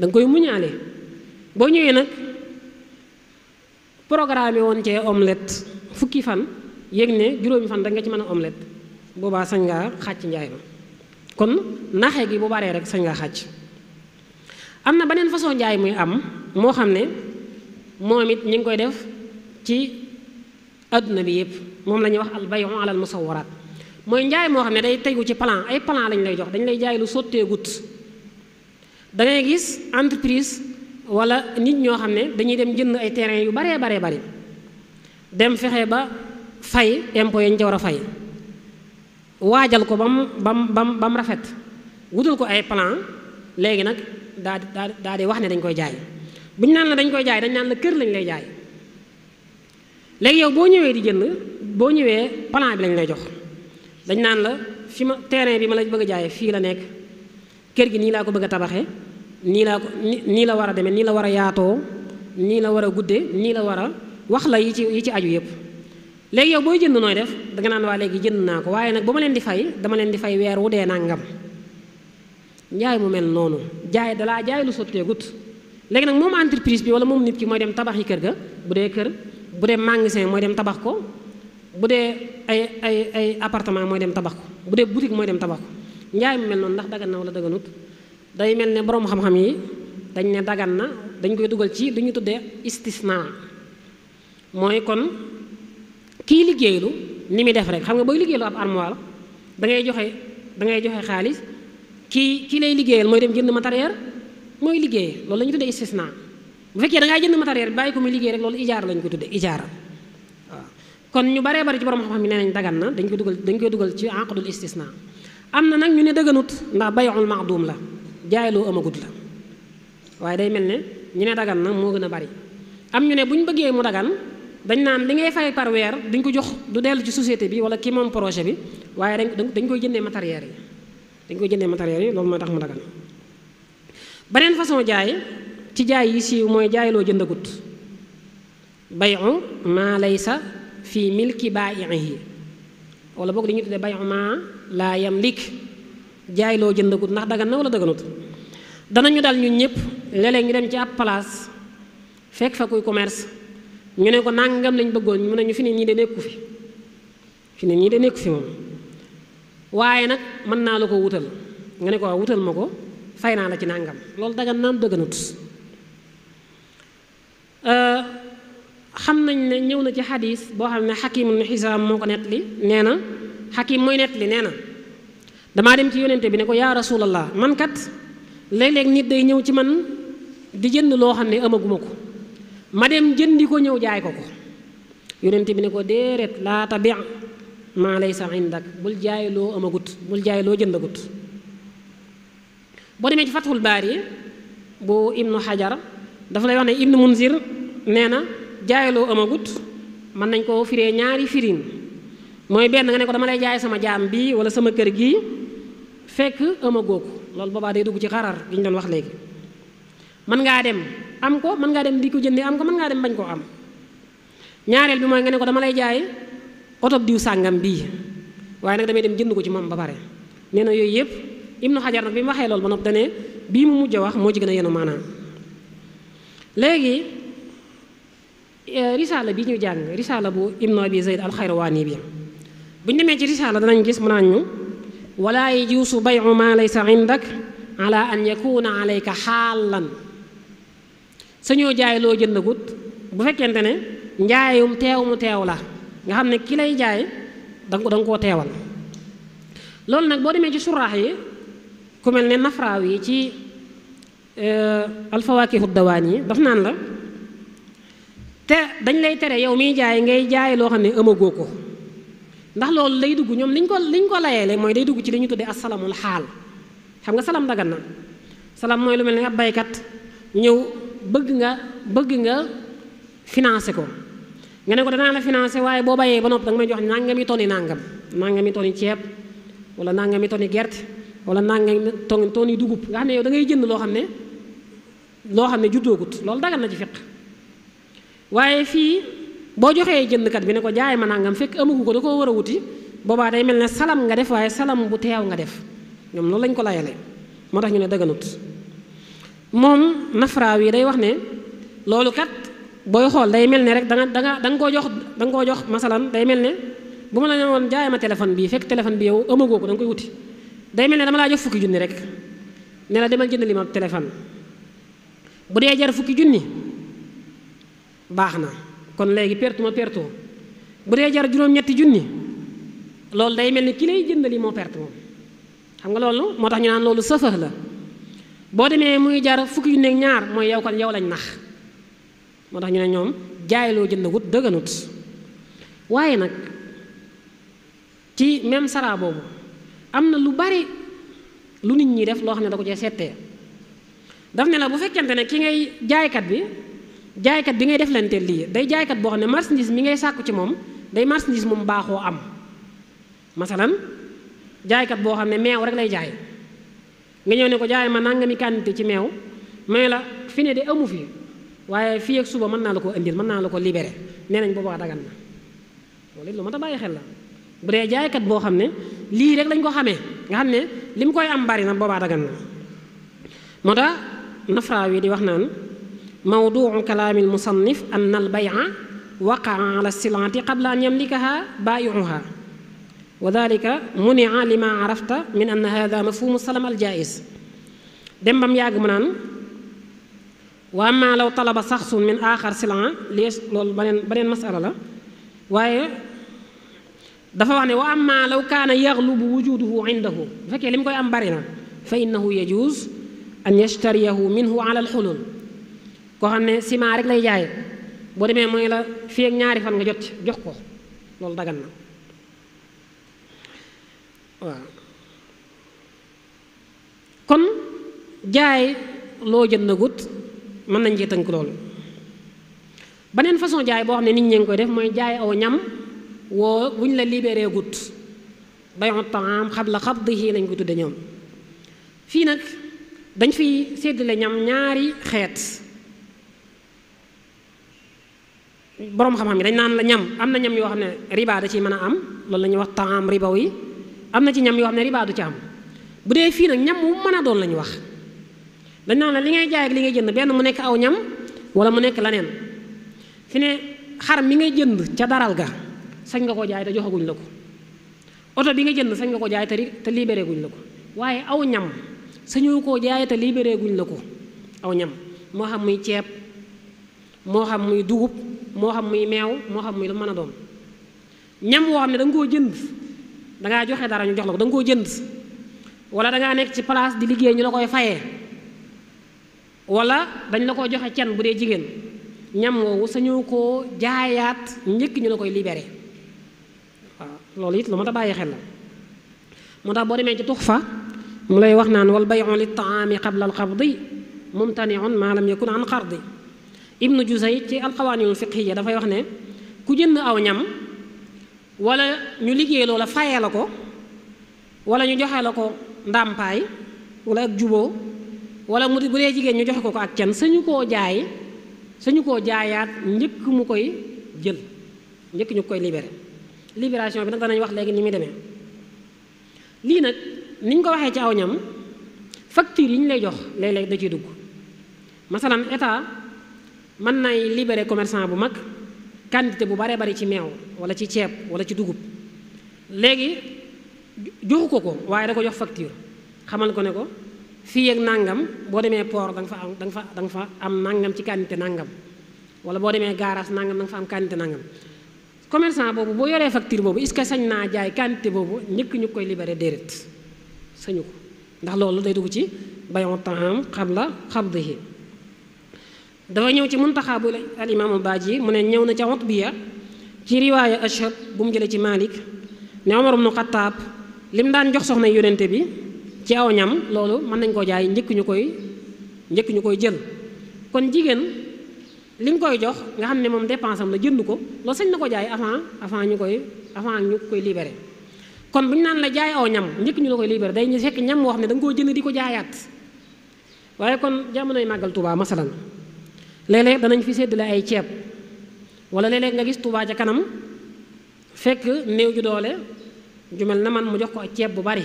Speaker 1: danga koy muñaale boo ñëwee nag programme woon cee omelette fukki fan yéeg ne juróomi fan rek nga ci mën a omelette boobaa sañ ngaa xàcc njaay ma kon naxe gi bu baree rek sañ ngaa xàcc am na beneen façon njaay muy am moo xam ne moom it ñu ngi koy def ci adduna bi yëpp moom la ñuy wax al bayu alal musawaraat mooy njaay moo xam ne day tegu ci plan ay palan lañ lay jox dañ lay jaay lu sotteegut da ngay gis entreprise wala nit ñoo xam ne dañuy dem jënd ay terrain yu baree baree bari dem fexe ba fay impôt yañ ca war a fay waajal ko bam bam bam mu rafet wutal ko ay plan léegi nag daa di daa di wax ne dañ koy jaay bu naan la dañ koy jaay dañ naan la kër lañ lay jaay léegi yow boo ñëwee di jënd boo ñëwee plan bi lañ lay jox dañ naan la fi ma terrain bi ma la bëgg a jaay fii la nekk kër gi nii laa ko bëgg a tabaxee nii laa ko nii la war a demee nii la war a yaatoo nii la war a gudde nii la war a wax la yi ci yi ci aju yëpp léegi yow booy jënd nooy def danga naan waa léegi jënd naa ko waaye nag ba ma leen di fay dama leen di fay weer wu dee nangam njaay mu mel noonu jaay dalaa jaay lu sottee gut léegi nag moom entreprise bi wala moom nit ki mooy dem tabax yi kër ga bu dee kër bu dee magasin mooy dem tabax ko bu dee ay ay ay appartement mooy dem tabax ko bu dee butik mooy dem tabax ko njaay mu mel noonu ndax dagan na wala daganut day mel ne boroom xam-xam yi dañ ne dagan na dañ koy dugal ci lu ñu tuddee istisna mooy kon kii liggéeylu ni mu def rek xam nga booy liggéeylu ab armoire da ngay joxe da ngay joxe xaalis kii kii lay liggéeyal mooy dem jënd matériel mooy liggéey loolu la ñu tuddee istisna bu fekkee da ngay jënd matériel bàyyi ko muy liggéey rek loolu ijaar la ñu ko tuddee ijaar waaw kon ñu baree bari ci borom xam-xam yi nee nañ dagan na dañ koy dugal dañ koy dugal ci aqdul istisna am na nag ñu ne dëgganut ndax bay'ul ma'dum la jaayloo loo amagut la waaye day mel ne ñu ne dagan na moo gën a bari am ñu ne bu ñu bëggee mu dagan dañ naan li ngay fay par weer duñ ko jox du dellu ci société bi wala ki moom projet bi waaye dañ dañ koy jëndee matériel yi dañ koy jëndee matériel yi loolu mooy tax mu dagan beneen façon jaay ci jaay yi siiw mooy jaay loo jëndagut bayu maa laysa fii milki baayihi wala boog li ñu tuddee bayu maa laa yamlik jaay loo jëndagut ndax dagan na wala daganut danañu dal ñun ñëpp léeg-léeg ñu dem ci ab place fekk fa kuy commerce ñu ne ko nangam lañ bëggoon mu ne ñu fi ne ñii de nekku fi fi ne ñii de nekku fi moom waaye nag mën naa la ko wutal nga ne ko wutal ma ko fay naa la ci nangam loolu dagan naan dëgganut xam nañ ne ñëw na ci xadis boo xam ne xakimu xisaam moo ko nettali nee na xakim mooy nettali nee na damaa dem ci yonente bi ne ko yaa rasulallah man kat léeg-léeg nit day ñëw ci man di jënd loo xam ne amaguma ko ma dem jëndi ko ñëw jaay ko ko yonente bi ne ko déeret laata tabi maa laysa indak bul jaay loo amagut bul jaay loo jëndagut boo demee ci baar yi bu ibnu xajar dafa lay wax ne ibnu munzir nee na jaayaloo amagut mën nañ koo firee ñaari firin mooy benn nga ne ko dama lay jaay sama jaam bi wala sama kër gi fekk amagoo ko loolu boobaa day dugg ci xarar gi ñu doon wax léegi mën ngaa dem am ko mën ngaa dem di ko jënde am ko man ngaa dem bañ koo am ñaareel bi mooy nga ne ko dama lay jaay oto diw sàngam bii waaye nag damay dem jënd ko ci moom ba pare nee na yooyu yëpp Ibnu Xajar nag bi mu waxee loolu ba noppi dane bii mu mujj wax moo ci gën a yenu maanaam léegi e, risaala bi ñu jàng risaala bu Ibnu Abi Zayd al-Xayrawaani bi bu ñu demee ci risaala danañ gis mu naan wala yajuusu bayu maa laysa indak ala an yakuna alayka xaalan sañoo jaay loo jëndagut bu fekkente ne njaayum teew mu teew la nga xam ne ki lay jaay ko nga koo teewal loolu nag boo demee ci suraax yi ku mel ne nafraaw yi ci e, alfawaakihu dawaan yi daf naan la te dañ lay tere yow miy jaay ngay jaay loo xam ne ëmmagoo ko ndax loolu day dugg ñoom liñ ko liñ ko layee le mooy day dugg ci li ñu tuddee asalamul xaal xam nga salaam dagan na salam mooy lu mel ni ab baykat ñëw bëgg nga bëgg nga financé ko nga ne ko danaa la financé waaye boo bayee ba noppi danga may jox nangami toni nangam nangami toni ceeb wala nangami toni gerte wala nangami toni dugub nga xam ne yow da ngay jënd loo xam ne loo xam ne juddoogut loolu dagan na ci fiq waaye fii boo joxee jënd kat bi ne ko jaay ma nangam fekk amagu ko da koo war a wuti boobaa day mel ne salam nga def waaye salam bu teew nga def ñoom loolu lañ ko layale moo tax ñu ne daganut moom nafraaw yi day wax ne loolu kat booy xool day mel ne rek da nga da nga koo jox da koo jox masalan day mel ne bu ma la ne woon jaay ma téléphone bii fekk téléphone bi yow amagoo ko da koy wuti day mel ne dama laa jox fukki junni rek ne la demal jënd li ma téléphone bu dee jar fukki junni baax na kon léegi pertu ma perto bu dee jar juróom-ñetti junni loolu day mel ni ki lay jëndali moo perto moom xam nga loolu moo tax ñu loolu safax la boo demee muy jar fukki junni ak ñaar mooy yow kon yow lañ nax moo ne ñoom jaay loo jënd wut dëgganut waaye nag ci même saraa boobu am na lu bari lu nit ñi def loo xam ne da ko cee settee daf ne la bu fekkente ne ki ngay jaaykat bi jaaykat bi ngay deflanteel lii day jaaykat boo xam ne marchandise mi ngay sàkku ci moom day marchandise moom baaxoo am masalan jaaykat boo xam ne meew rek lay jaay nga ñëw ne ko jaay ma nangami quantité ci meew may la fi ne de amu fi waaye fii ak suba mën naa la ko indil mën naa la ko libere nee nañ boobaa dagan na loolu bàyyi xel la bu jaaykat boo xam ne lii rek lañ ko xamee nga xam ne li koy am bari na boobaa dagan na moo tax nafra wi di wax naan mawduu kalaami almusannif an albaya waqaa ala silaati qabla an yamlikaha baayiuha wa dalika munia lima arafta min ann hada mafhumu salam aljais dem bam yàgg mu naan wa amma law talaba saxsun min aaxar silaa lies loolu baneen baneen masala la waaye dafa wax ne wa amma law kaana yaxlubu wujuduhu indahu bu fekkee li mu koy am bari na fa innahu yajuus an yashtariyahu minhu ala alxulul koo xam ne ciment rek lay jaay boo demee mooy la fi ak ñaari fan nga jot jox ko loolu dagan na waaw kon jaay loo jëndagut mën nañ cee tënk loolu beneen façon jaay boo xam ne nit ñi koy def mooy jaay aw ñam woo bu ñu la libéré bay bayon taam xab la xab dëxii lañ ko tudde ñoom fii nag dañ fiy séddale ñam ñaari xeet borom xam-xam yi dañ naan la ñam am na ñam yoo xam ne riba da ciy mën a am loolu la ñuy wax taam ribaw yi am na ci ñam yoo xam ne riba du ci am bu dee fii nag ñam mu mën a doon la ñu wax dañ naan la li ngay jaay li ngay jënd benn mu nekk aw ñam wala mu nekk leneen fi ne xar mi ngay jënd ca daral ga sañ nga koo jaay te joxaguñ la ko oto bi nga jënd sañ nga ko jaay te te libéré la ko waaye aw ñam sañu koo jaay te libéré guñ la ko aw ñam moo xam muy ceeb moo xam muy dugub moo xam muy meew moo xam muy lu mën a doon ñam woo xam ne da koo jënd da joxe dara ñu jox la ko da koo jënd wala da nekk ci place di liggéey ñu la koy faye wala dañ la ko joxe cen bu dee jigéen ñam woowu sañoo koo jaayaat njëkk ñu la koy libere waaw loolu it lu ma a bàyyi xel la moo tax boo demee ci tux fa mu lay wax naan wal bay'u lit ta'ami qabla al qabdi mumtani'un ma lam yakun an qardi ibnu jusay ci alxawaanilul fiqhiya dafay wax ne ku jënd aw ñam walla ñu liggéey loola fayee la ko wala ñu joxe la ko ndàmpaay wala ak juboo wala mu bu dee jigéen ñu joxe ko ko ak can sañu koo jaay sañu koo jaayaat njëkk mu koy jël njëkk ñu koy libéré libération bi nag danañ wax léegi ni muy demee lii nag niñ ko waxee ci aw ñam facture yi ñu lay jox léeg-léeg da ciy dugg masalan état mën nay libéré commerçant bu mag quantité bu baree bari ci meew wala ci ceeb walla ci dugub léegi joxu ko ko waaye da ko jox facture xamal ko ne ko fii ak nàngam boo demee port da nga fa am danga nga fa da nga fa am nàngam ci quantité nàngam wala boo demee garage nàngam da nga fa am quantité nàngam commerçant boobu boo yoree facture boobu est-ce que sañ naa jaay quantité boobu ñëkk ñu koy libéré déedéet sañu ko ndax loolu day dugg ci bayon temps xam la xam dafa ñëw ci muntaxaa bu al imaamu baaji mu ne ñëw na ca xutbiya ci riwaaya ashab bu mu jëlee ci Malik ne Omar ibnu Xattaab lim daan jox soxna yonente bi ci aw ñam loolu mën nañ koo jaay njëkk ñu koy njëkk ñu koy jël kon jigéen li nga koy jox nga xam ne moom dépense am la jënd ko loolu sañ na ko jaay avant avant ñu koy avant ñu koy libéré kon bu ñu naan la jaay aw ñam njëkk ñu la koy libéré day ñu fekk ñam woo xam ne da koo jënd di ko jaayaat waaye kon jamonoy màggal Tuubaa léeg danañ fi séddale ay ceeb wala léeg nga gis Tuubaa ca kanam fekk néew ju doole ju mel man mu jox ko ak ceeb bu bari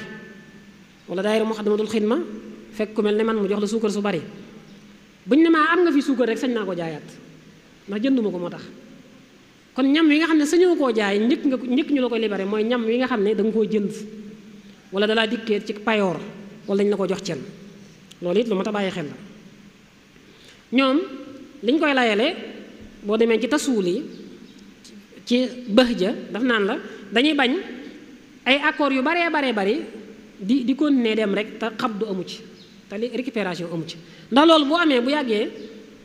Speaker 1: wala daayira Muxaddamatul Xidma fekk ku mel ne man mu jox la suukar su bari buñ ne maa am nga fi suukar rek sañ naa ko jaayaat ndax jënduma ko moo tax kon ñam wi nga xam ne sañoo koo jaay njëkk nga njëkk ñu la koy libéré mooy ñam wi nga xam ne da koo jënd wala dalaa dikkee ci payoor wala dañ la ko jox cen loolu it lu ma ta bàyyi xel la ñoom liñ koy layale boo demee ci tasuul yi ci bëx ja daf naan la dañuy bañ ay accords yu baree baree bari di di nee dem rek te xabdu amu ci te li récupération amu ci ndax loolu boo amee bu yàggee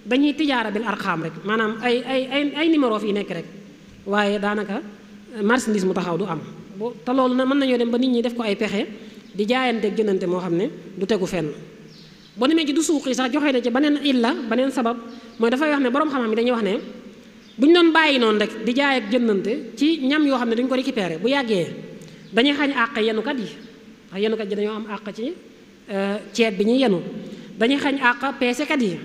Speaker 1: dañuy tijaara bil arxaam rek maanaam ay ay ay ay numéro fi nekk rek waaye daanaka marchandise mu taxaw du am bu te loolu na mën nañoo dem ba nit ñi def ko ay pexe di jaayanteeg jëndante moo xam ne du tegu fenn boo demee ci du suuq yi sax joxe na ci beneen illa beneen sabab mooy dafay wax ne borom xam-xam yi dañuy wax ne bu ñu doon bàyyi noonu rek di jaay ak jëndante ci ñam yoo xam ne dañu ko récupéré bu yàggee dañuy xañ àq yenukat yi ndax yenukat yi dañoo am àq ci euh, ceeb bi ñuy yenu dañuy xañ àq peesekat yi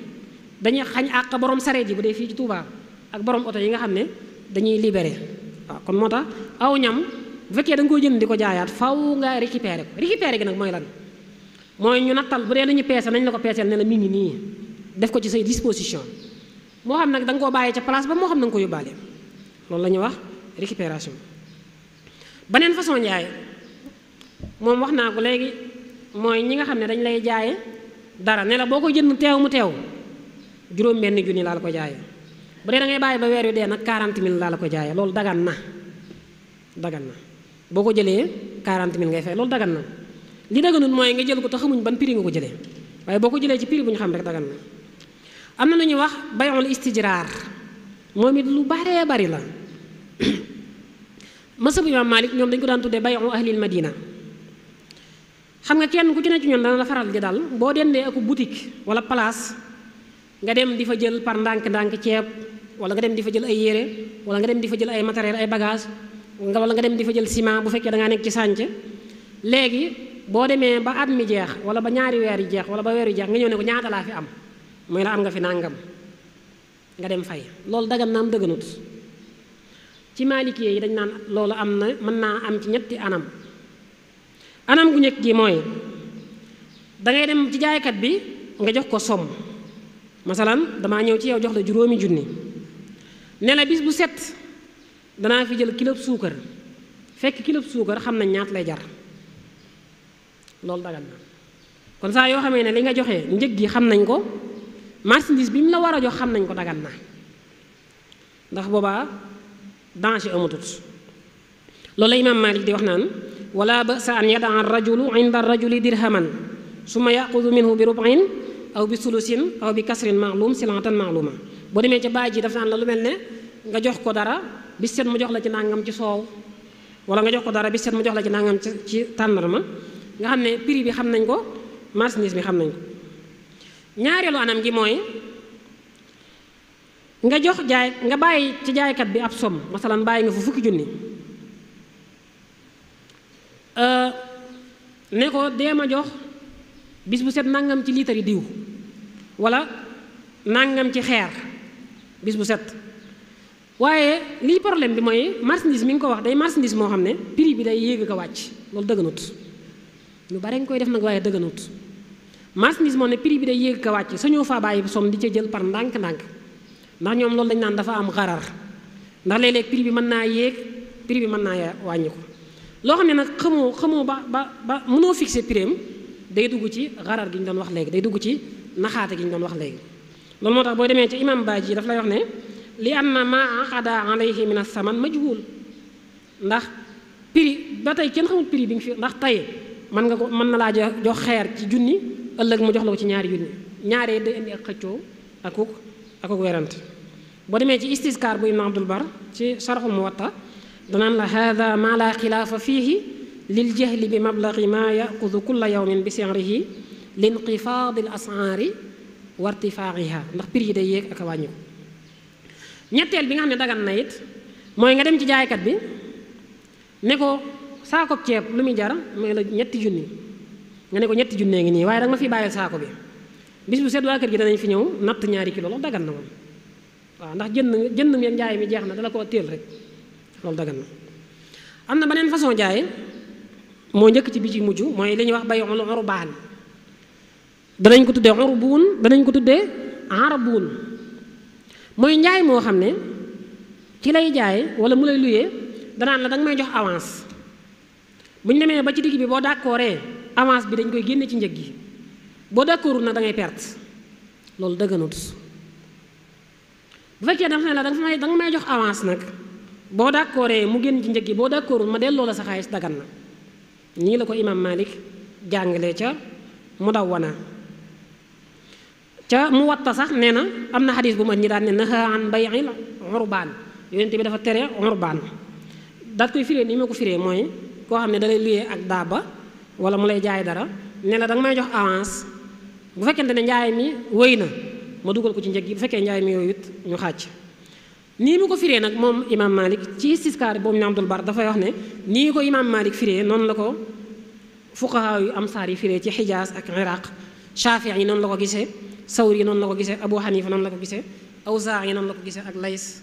Speaker 1: dañuy xañ àq borom sareet yi bu dee fii ci Touba ak borom oto yi nga xam ne dañuy libere waaw kon moo tax aw ñam bu fekkee da nga koo jënd di ko jaayaat faw nga récupéré ko récupéré gi nag mooy lan mooy ñu nattal bu dee lu ñu peese nañ la ko peeseel ne la mi ngi nii def ko ci say disposition moo xam nag da nga koo bàyyee ca place ba moo xam na nga ko yóbbaale loolu la ñuy wax récupération beneen façon njaay moom wax naa ko léegi mooy ñi nga xam ne dañ lay jaaye dara ne la boo ko jënd teew mu teew juróom benn junni laa la ko jaaye bu dee da ngay bàyyi ba weer wi dee nag 40 000 laa la ko jaaye loolu dagan na dagan na boo ko jëlee 40 000 ngay fay loolu dagan na li daganul mooy nga jël ko te xamuñ ban prix nga ko jëlee waaye boo ko jëlee ci prix bu ñu xam rek dagan na am na lu ñuy wax bayul istijraar moom it lu baree bari la [coughs] masabu imaam Malik ñoom dañu ko daan tuddee bayu ahlil madina xam nga kenn ku ci ne ci ñoom dana la faral di dal boo dendee ak butik wala place nga dem di fa jël par ndànk-ndànk ceeb wala nga dem di fa jël ay yére wala nga dem di fa jël ay matériel ay bagage nga wala nga dem di fa jël ciment bu fekkee da ngaa nekk ci sànc léegi boo demee ba at mi jeex wala ba ñaari weer yi jeex wala ba weer yi jeex ne ko ñaata laa fi am muy la am nga fi nàngam nga dem fay loolu dagan naam dëgganut ci maalikee yi dañ naan loolu am na mën naa am ci ñetti anam anam gu njëkk gi mooy dangay dem ci jaaykat bi nga jox ko somm masalan damaa ñëw ci yow jox la juróomi junni ne la bis bu set danaa fi jël kilo suukar fekk kilo suukar xam nañ ñaat lay jar loolu dagan na kon saa yoo xamee ne li nga joxe njëg gi xam nañ ko marchandise bi mu la war a jox xam nañ ko dagan na ndax boobaa danger amatut loolu la imaam Maalik di wax naan wala ba'sa an yadaa rajulu inda rajuli dirhaman ma yaxudu minhu bi rubin aw bi sulusin aw bi kasrin maalum silantan maaluma boo demee ca bàyyi ji daf naan la lu mel ne nga jox ko dara bis seet mu jox la ci nangam ci soow wala nga jox ko dara bi seet mu jox la ci nangam ci ci tàndarma nga xam ne prix bi xam nañ ko marchandise bi xam nañ ko ñaareelu anam gi mooy nga jox jaay nga bàyyi ci jaaykat bi ab somme masalan bàyyi nga fu fukki junni euh, ne ko dee ma jox bis bu set nangam ci liitar yi diw walla nangam ci xeer bis bu set waaye lii problème bi mooy marchandise mi nga ko wax day marchandise moo xam ne prix bi day yéeg ko wàcc loolu dëgganut lu bare nga koy def nag waaye dëgganut marchandise moom ne prix bi day yéeg ka wàcc sañoo faa bàyyi somme di ca jël par ndànk-ndànk ndax ñoom loolu dañ naan dafa am xarar ndax léeg-léeg piri bi mën naa yéeg piri bi mën naa wàññi ko loo xam ne nag xamoo xamoo ba ba ba mënoo fixer prix day dugg ci xarar gi ñu doon wax léegi day dugg ci naxaate gi ñu doon wax léegi loolu moo tax boo demee ca imam yi daf lay wax ne li anna ma aqada alayhi min as-saman majhul ndax prix ba tey kenn xamul prix bi nga fi ndax tey mën nga ko mën na laa jox xeer ci junni ëllëg mu jox la ko ci ñaari junni ñaaree day indi ak xëccoo akuk akuk werante boo demee ci istiskaar bu ibn abdul bar ci sarxul muwatta danaan la hada ma la xilaafa fiihi lil jahli bi mablagi ma yaxudu kulla yawmin bi sinrihi linqifaadi l ashaari wa irtifaaxiha ndax prix yi day yéeg ak a ñetteel bi nga xam ne dagan na it mooy nga dem ci jaaykat bi ne ko saakoob ceeb lu muy jar mooy la ñetti junni nga ne ko ñetti junne ngi nii waaye danga ma fi bàyyil saako bi bis bu set waa kër gi danañu fi ñëw natt ñaari kilo loolu dagan na moom waaw ndax jën jënd mi njaay mi jeex na dala koo teel rek loolu dagan na am na beneen façon jaay moo njëkk ci bi ci mujj mooy li wax bay oru baan danañ ko tuddee oru buun danañ ko tuddee ara mooy njaay moo xam ne ci lay jaay wala mu lay luyee danaan la danga may jox avance bu ñu demee ba ci digg bi boo dàkkooree avance bi dañ koy génne ci njëg gi boo d'accordul nag da ngay perte loolu dëgganut bu fekkee dafa ne la danga may jox avance nag boo d'accordee mu génn ci njëg yi boo d'accordul ma delloo la sa xaalis dagan na ñii la ko imaam Malik jàngale ca Mudawwana ca Muwatta sax nee na am na xadis bu ma ñi daan ne naha an bay'il urbaan yonent bi dafa tere urbaan daat koy firee ni ma ko firee mooy koo xam ne dalay luyee ak daaba wala mu lay jaay dara ne la danga may jox avance bu fekkente ne njaay mi wéy na ma dugal ko ci njëg yi bu fekkee njaay mi yooyu it ñu xàcc nii mu ko firee nag moom imaam Malik ci siskaar boobu ñu Abdul dafay wax ne nii ko imaam Malik noonu la ko fuqahaa yu amsaar yi firee ci xijaas ak iraq Shaafi yi noonu la ko gisee Sawri yi noonu la ko gisee Abu Hanifa noonu la ko gisee Awzaa yi noonu la ko gisee ak Lays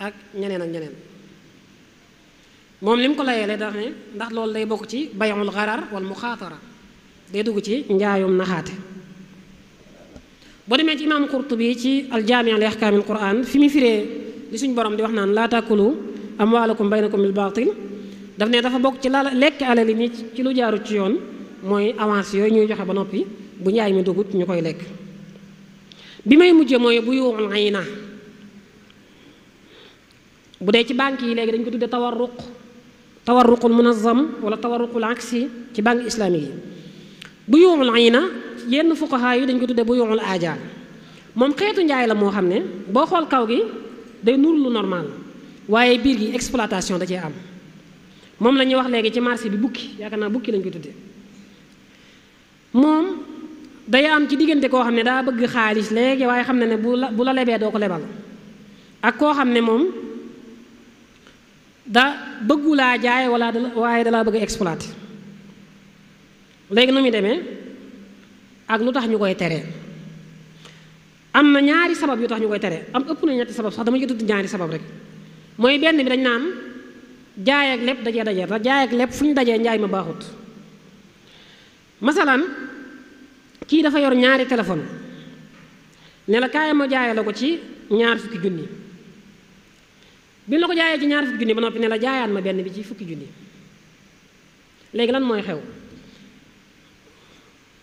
Speaker 1: ak ñeneen ak ñeneen moom li mu ko layeele daf ne ndax loolu day bokk ci bayamul xarar wal muxaatara day dugg ci njaayum naxaate boo demee ci imaam Qurtubi ci aljaami li ahkaamil Quraan fi mu firee li suñ borom di wax naan laa taakulu amwaalakum baynakum bil baatil daf ne dafa bokk ci la lekk alali nit ci lu jaarut ci yoon mooy avance yooyu ñuy joxe ba noppi bu njaay mi dugut ñu koy lekk bi may mujje mooy bu yuuxul ay na bu dee ci banque yi léegi dañ ko tudde tawarruq tawarruqul munazam wala tawarruqul aksi ci banque islamique yi bu yuuxul na yenn fuqaha yi dañ ko tuddee bu yuuxul aajaan moom xeetu njaay la moo xam ne boo xool kaw gi day nur lu normal waaye biir gi exploitation da cee am moom la ñuy wax léegi ci marché bi bukki yaakaar naa bukki lañ ko tuddee moom day am ci diggante koo xam ne daa bëgg xaalis léegi waaye xam ne ne bu la bu la lebee doo ko lebal ak koo xam ne moom da bëggu laa jaay wala waaye dalaa bëgg a exploité léegi nu muy demee ak lu tax ñu koy tere am na ñaari sabab yu tax ñu koy teree am ëpp na ñetti sabab sax dama ci tudd ñaari sabab rek mooy benn bi dañ naan jaay ak lépp dajee daje te jaay ak lépp fu ñu dajee njaay ma baaxut masalaan kii dafa yor ñaari téléphone ne la kaay ma jaay la ko ci ñaar fukki junni bi na ko jaayee ci ñaar fukki junni ba noppi ne la jaayaat ma benn bi ci fukki junni léegi lan mooy xew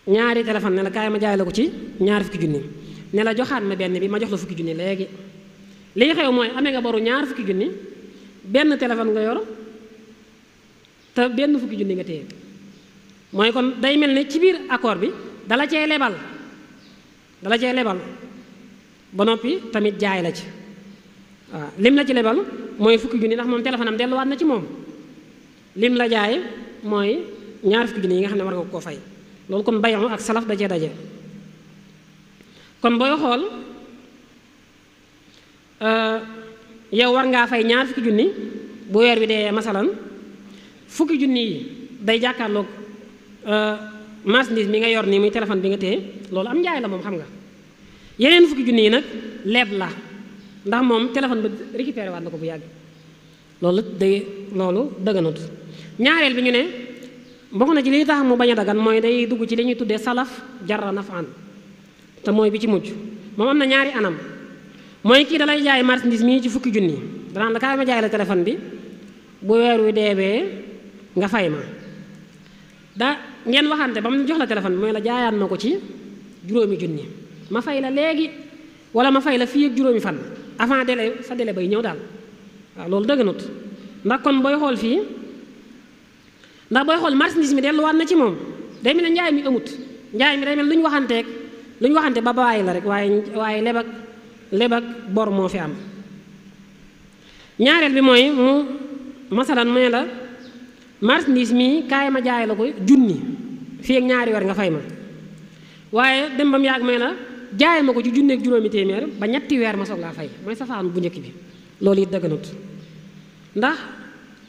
Speaker 1: ñaari téléphone ne la kaay ma jaay la ko ci ñaar fukki junni ne la joxaat ma benn bi ma jox la fukki junni léegi lii xew mooy amee nga boru ñaar fukki junni benn téléphone nga yor te benn fukki junni nga téye mooy kon day mel ni ci biir accord bi dala cee lebal dala cee lebal ba noppi tamit jaay la ci waaw lim la ci lebal mooy fukki junni ndax moom téléphone am delluwaat na ci moom lim la jaay mooy ñaar fukki junni yi nga xam ne war nga koo fay loolu kon bayon ak salaf da cee daje kon booy xool euh, yow war ngaa fay ñaar fukki junni bu weer bi dee masalan fukki junni yi day jàkkaarloog euh, marchandise mi nga yor nii muy téléphone bi nga téye loolu am njaay la moom xam nga yeneen fukki junni yi nag leeb la ndax moom téléphone ba récupéré waat na ko bu yàgg loolu day loolu daganut ñaareel bi ñu ne bokk na ci li tax mu bañ a dagan mooy day dugg ci li ñuy tuddee salaf jarra nafaan te mooy bi ci mujj moom am na ñaari anam mooy kii dalay jaay marchandise mii ci fukki junni danaan la kaay ma jaay la téléphone bi bu weer wi deebee nga fay ma da ngeen waxante ba mu jox la téléphone bi mooy la jaayaan ma ko ci juróomi junni ma fay la léegi wala ma fay la fii ak juróomi fan avant délai fa délai bay ñëw daal waaw loolu dëgganut ndax kon booy xool fii ndax booy xool marchandise mi delluwaat na ci moom day mel ne njaay mi amut njaay mi day mel lu ñu waxanteeg lu ñu waxante ba bàyyi la rek waaye waaye lebak lebak bor moo fi am ñaareel bi mooy mu masalan mu la marchandise mi kaay ma jaay la ko junni fii ak ñaari weer nga fay ma waaye dem ba mu yàgg may la jaay ma ko ci junneeg juróomi téeméer ba ñetti weer ma soog laa fay mooy safaanu bu njëkk bi loolu it dëgganut ndax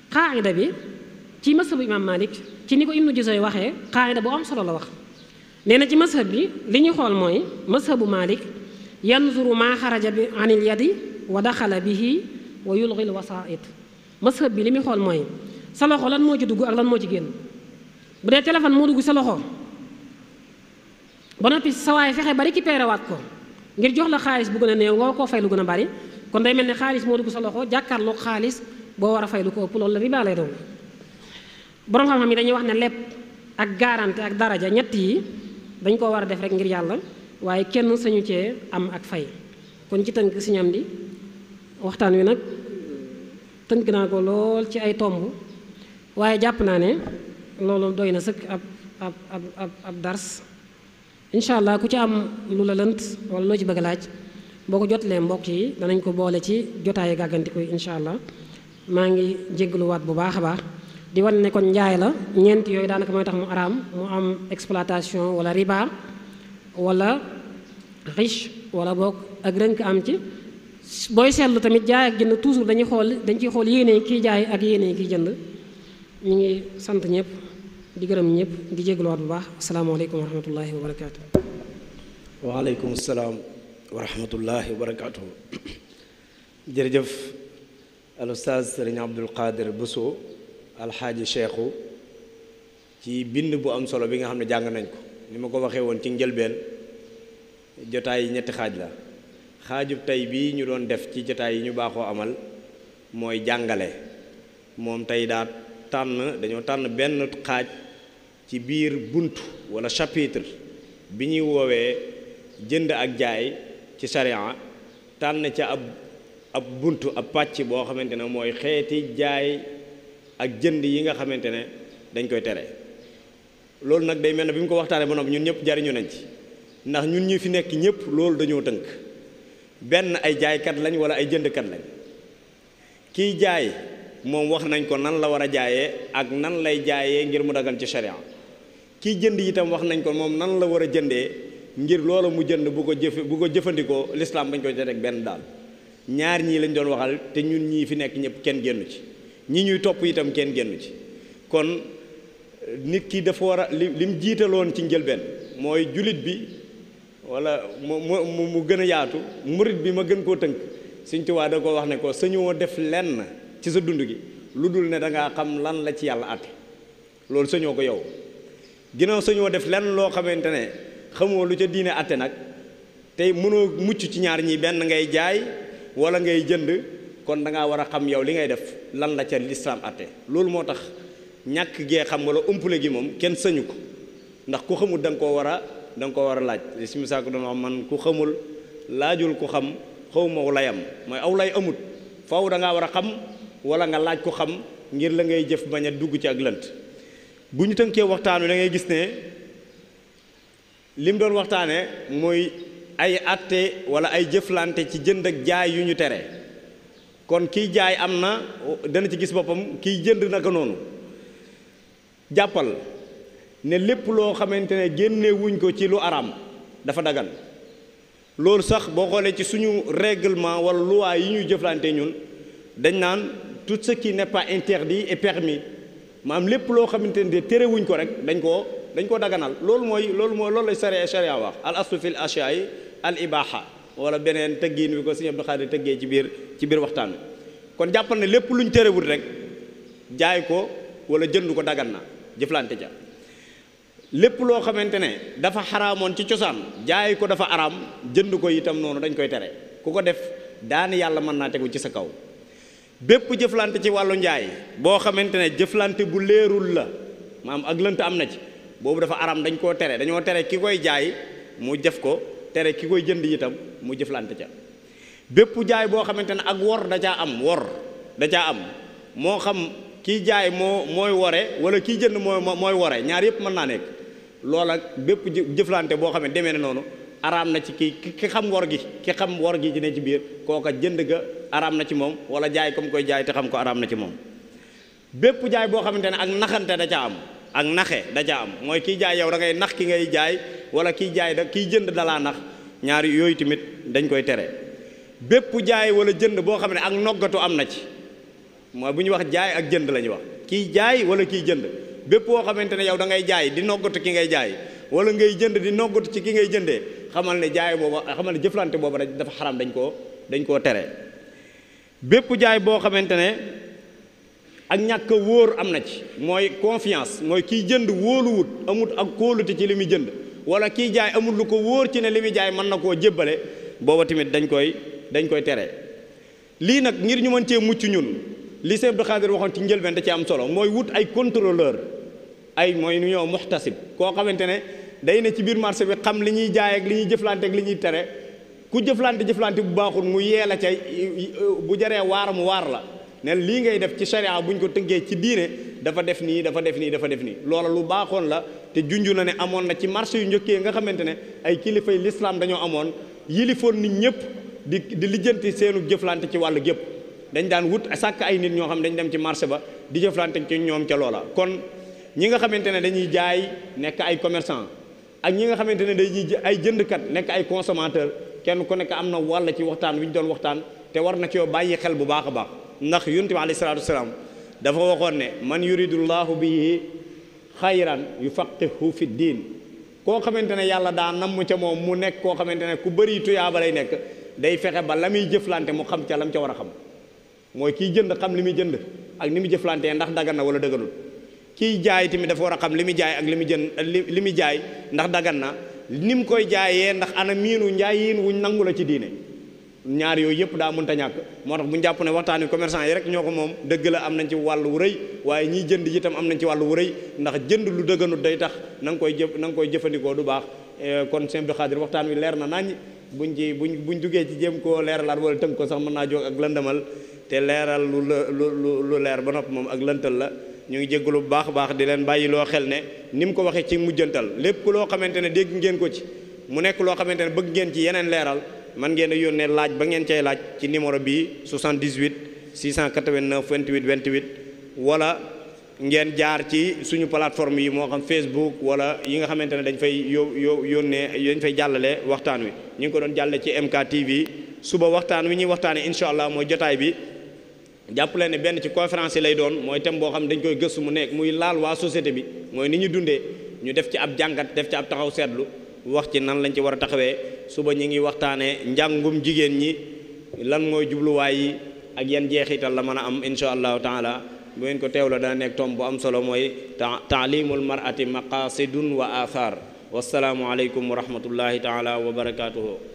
Speaker 1: xaaida bi ci mashabu imam malik ci ni ko ibnu jusoy waxee xaaida bu am solo la wax nee na ci mashab bi li ñuy xool mooy mashabu malik yanzuru maa xaraja bi anil yadi wa daxala bihi wa yulgil wasaait mashab bi li muy xool mooy sa loxo lan moo ci dugg ak lan moo ci génn bu dee téléphone moo dugg sa loxo ba noppi sa waay fexe ba récupéré waat ko ngir jox la xaalis bu gën a néew nga koo fay lu gën a bari kon day mel ni xaalis moo dugg sa loxo jàkkaarloog xaalis boo war a fay lu ko ëpp loolu la riba lay doon xam-xam yi dañuy wax ne lépp ak garantie ak daraja ñett yi dañ koo war a def rek ngir yàlla waaye kenn sañu cee am ak fay kon ci tënk si ñam di waxtaan wi nag tënk naa ko lool ci ay tomb waaye jàpp naa ne loolu doy na sëkk ab ab ab ab dars incha allah ku ci am lu la lënt wala loo ci bëgg laaj boo ko jotlee mbokk yi danañ ko boole ci jotaayu gàggantiku yi incha allah maa ngi jégaluwaat bu baax a baax di wan ne kon njaay la ñeent yooyu daanaka mooy tax mu araam mu am exploitation wala riba walla riche wala bokk ak rënk am ci booy seetlu tamit jaay ak jënd toujours dañuy xool dañ ciy xool yéene kiy jaay ak yéene kiy jënd ñu ngi sant ñëpp di gërëm ñëpp di jégluwaat bu baax asalaamaaleykum wa rahmatullahi wa barakaatu.
Speaker 2: waaleykum salaam wa rahmatullahi wa barakaatu. jërëjëf al ustaaz sëriñ Abdul Qadir Bousso alxaaji Cheikhu ci bind bu am solo bi nga xam ne jàng nañ ko ni ma ko waxee woon ci njëlbeen jotaay yi ñetti xaaj la xaajub tey bii ñu doon def ci jotaay yi ñu baaxoo amal mooy jàngale moom tey daa tànn dañoo tànn benn xaaj. ci biir bunt wala chapitre bi ñuy woowee jënd ak jaay ci sharian tànn ca ab ab bunt ab pàcc boo xamante ne mooy xeeti jaay ak jënd yi nga xamante ne dañ koy tere loolu nag day mel ne bi mu ko waxtaanee ba noppi ñun ñëpp jariñu nañ ci ndax ñun ñi fi nekk ñëpp loolu dañoo tënk benn ay jaaykat lañ wala ay jëndkat lañ kiy jaay moom wax nañ ko nan la war a jaayee ak nan lay jaayee ngir mu daggan ci sharia kiy jënd itam wax nañ ko moom nan la war a jëndee ngir loolu mu jënd bu ko jëf bu ko jëfandikoo lislaam bañ ko jënd rek benn daal ñaar ñii lañ doon waxal te ñun ñii fi nekk ñëpp kenn génnu ci ñi ñuy topp itam kenn génnu ci kon nit ki dafa war a li li jiitaloon ci njëlbeen mooy julit bi wala mu mu gën a yaatu murit bi ma gën koo tënk Sëñ Tuubaa da ko wax ne ko sañoo def lenn ci sa dund gi lu dul ne dangaa xam lan la ci yàlla àtte loolu sañoo ko yow ginnaaw sañoo def lenn loo xamante ne xamoo lu ca diine atte nag tey mënoo mucc ci ñaar ñi benn ngay jaay wala ngay jënd kon da war a xam yow li ngay def lan la ca lislaam atte loolu moo tax ñàkk gee xam wala umpule gi moom kenn sañu ko ndax ku xamul da nga koo war a da nga koo war a laaj li si misaako doon wax man ku xamul laajul ku xam xaw ma layam mooy aw lay amut faw da war a xam wala nga laaj ku xam ngir la ngay jëf bañ a dugg ci ak lënt bu ñu tënkee waxtaan wi da ngay gis ne lim doon waxtaane mooy ay atte wala ay jëflante ci jënd ak jaay yu ñu tere kon kiy jaay am na dana ci gis boppam kiy jënd naka noonu jàppal ne lépp loo xamante ne génnewuñ ko ci lu araam dafa dagan loolu sax boo xoolee ci suñu règlement wala loi yi ñuy jëflante ñun dañ naan tout sa qui n'est pas interdit est mi maam lépp loo xamante ne terewuñ ko rek dañ koo dañ koo daganal loolu mooy loolu mooy loolu lay sariya sariya wax al aslu fil ashyaa'i al ibaha wala beneen tëggiin bi ko Sëriñ Abdou Khadre tëggee ci biir ci biir waxtaan wi kon jàppal ne lépp luñ terewul rek jaay ko wala jënd ko dagan na jëflante ja lépp loo xamante ne dafa xaraamoon ci cosaan jaay ko dafa araam jënd ko itam noonu dañ koy tere ku ko def daane yàlla mën naa tegu ci sa kaw bépp jëflante ci wàllu njaay boo xamante ne jëflante bu leerul la maanaam ak lënt am na ci boobu dafa aram dañ koo tere dañoo tere ki koy jaay mu jëf ko tere ki koy jënd itam mu jëflante ca bépp jaay boo xamante ne ak wor da caa am wor da caa am moo xam kiy jaay moo mooy wore wala kiy jënd mooy mooy wore ñaar yëpp mën naa nekk lool bépp jëflante boo xam ne demee ne noonu araam na ci kii ki xam wor gi ki xam wor gi dina ci biir kooka jënd ga araam na ci moom wala jaay comme koy jaay te xam ko araam na ci moom bépp jaay boo xamante ne ak naxante da am ak naxe am mooy kiy jaay yow da ngay nax ki ngay jaay wala kiy jaay da kiy jënd dalaa nax ñaar yooyu tamit dañ koy tere bépp jaay wala jënd boo xam ne ak noggatu am na ci mooy bu ñu wax jaay ak jënd la wax kiy jaay wala kiy jënd bépp woo xamante ne yow dangay jaay di noggatu ki ngay jaay wala ngay jënd di noggatu ci ki ngay jëndee xamal ne jaay booba xamal ne jëflante booba dafa xaram dañ koo dañ koo tere bépp jaay boo xamante ne ak ñàkk wóor am na ci mooy confiance mooy kiy jënd wóoluwut amut ak kóolute ci li muy jënd wala kiy jaay amul lu ko wóor ci ne li muy jaay mën na koo jébbale booba tamit dañ koy dañ koy tere lii nag ngir ñu mën cee mucc ñun li Sëñ Abdou Khadre waxoon ci njëlbeen da ci am solo mooy wut ay contrôleur ay mooy nu ñoo muxtasib koo xamante ne day ne ci biir marché bi xam li ñuy jaay li ñuy jëflante li ñuy tere ku jëflante jëflante bu baaxul mu yee la ca bu jaree waar mu waar la ne lii ngay def ci sharia buñ ko tënkee ci diine dafa def nii dafa def nii dafa def nii loola lu baaxoon la te junj na ne amoon na ci marché yu njëkkee nga xamante ne ay kilifa kilifay lislaam dañoo amoon yilifoon nit ñëpp di di lijjanti seenu jëflante ci wàll gépp dañ daan wut sàkk ay nit ñoo xam dañ dem ci marché ba di jëflante ci ñoom ca loola kon ñi nga xamante ne dañuy jaay nekk ay commerçant ak ñi nga xamante ne dañuy ay jëndkat nekk ay consommateur kenn ku nekk am na wàll ci waxtaan wi ñu doon waxtaan te war na ci yow bàyyi xel bu baax a baax ndax yonent bi alayhi salaatu wasalaam dafa waxoon ne man yuridullahu bihi xayran yufaqihu fi diin koo xamante ne yàlla daa namm ca moom mu nekk koo xamante ne ku bëri tuyaaba lay nekk day fexe ba la muy jëflante mu xam ca lam ca war a xam mooy kiy jënd xam li muy jënd ak ni muy jëflante ndax dagan na wala dëgganul kiy jaay tamit dafa war a xam li mu jaay ak li muy jën li muy jaay ndax dagan na ni mu koy jaayee ndax ana miinu njaay yiin wuñ nangu la ci diine ñaar yooyu yëpp daa mënta ñàkk moo tax bu ñu jàpp ne waxtaan wi commercant yi rek ñoo ko moom dëgg la am nañ ci wàll wu rëy waaye ñiy jënd itam am nañ ci wàll wu ndax jënd lu dëgganut day tax na nga koy jëf na koy jëfandikoo du baax eh, kon sëñ bi xaadir waxtaan wi leer na nañ buñ ci buñ buñ duggee ci jéem koo leeralaat wala tënk ko sax mën naa ak lëndamal te leeral lu lu lu leer ba nopp moom ak lëntal la ñu ngi jégalu bu baax a baax di leen bàyyi loo xel ne ni mu ko waxee ci mujjantal lépp loo xamante ne dégg ngeen ko ci mu nekk loo xamante ne bëgg ngeen ci yeneen leeral man ngeen a yónnee laaj ba ngeen cay laaj ci numéro bii 78 689 28 28 wala ngeen jaar ci suñu plateforme yi moo xam Facebook wala yi nga xamante ne dañ fay yo yo yónnee dañ fay jàllale waxtaan wi ñu ngi ko doon jàllale ci MK TV suba waxtaan wi ñuy waxtaanee incha allah mooy jotaay bi. jàppale ne benn ci conférence yi lay doon mooy tam boo xam dañ koy gëstu mu nekk muy laal waa société bi mooy ni ñu dundee ñu def ci ab jàngat def ci ab taxaw seetlu wax ci nan lañ ci war a taxawee suba ñu ngi waxtaanee njàngum jigéen ñi lan mooy jubluwaay yi ak yan jeexital la mën a am insha allah taala bu ngeen ko teew la dana nekk tom bu am solo mooy taalimul mar'ati maqasidun wa athar wasalaamu aleykum wa rahmatullahi taala wa barakatuhu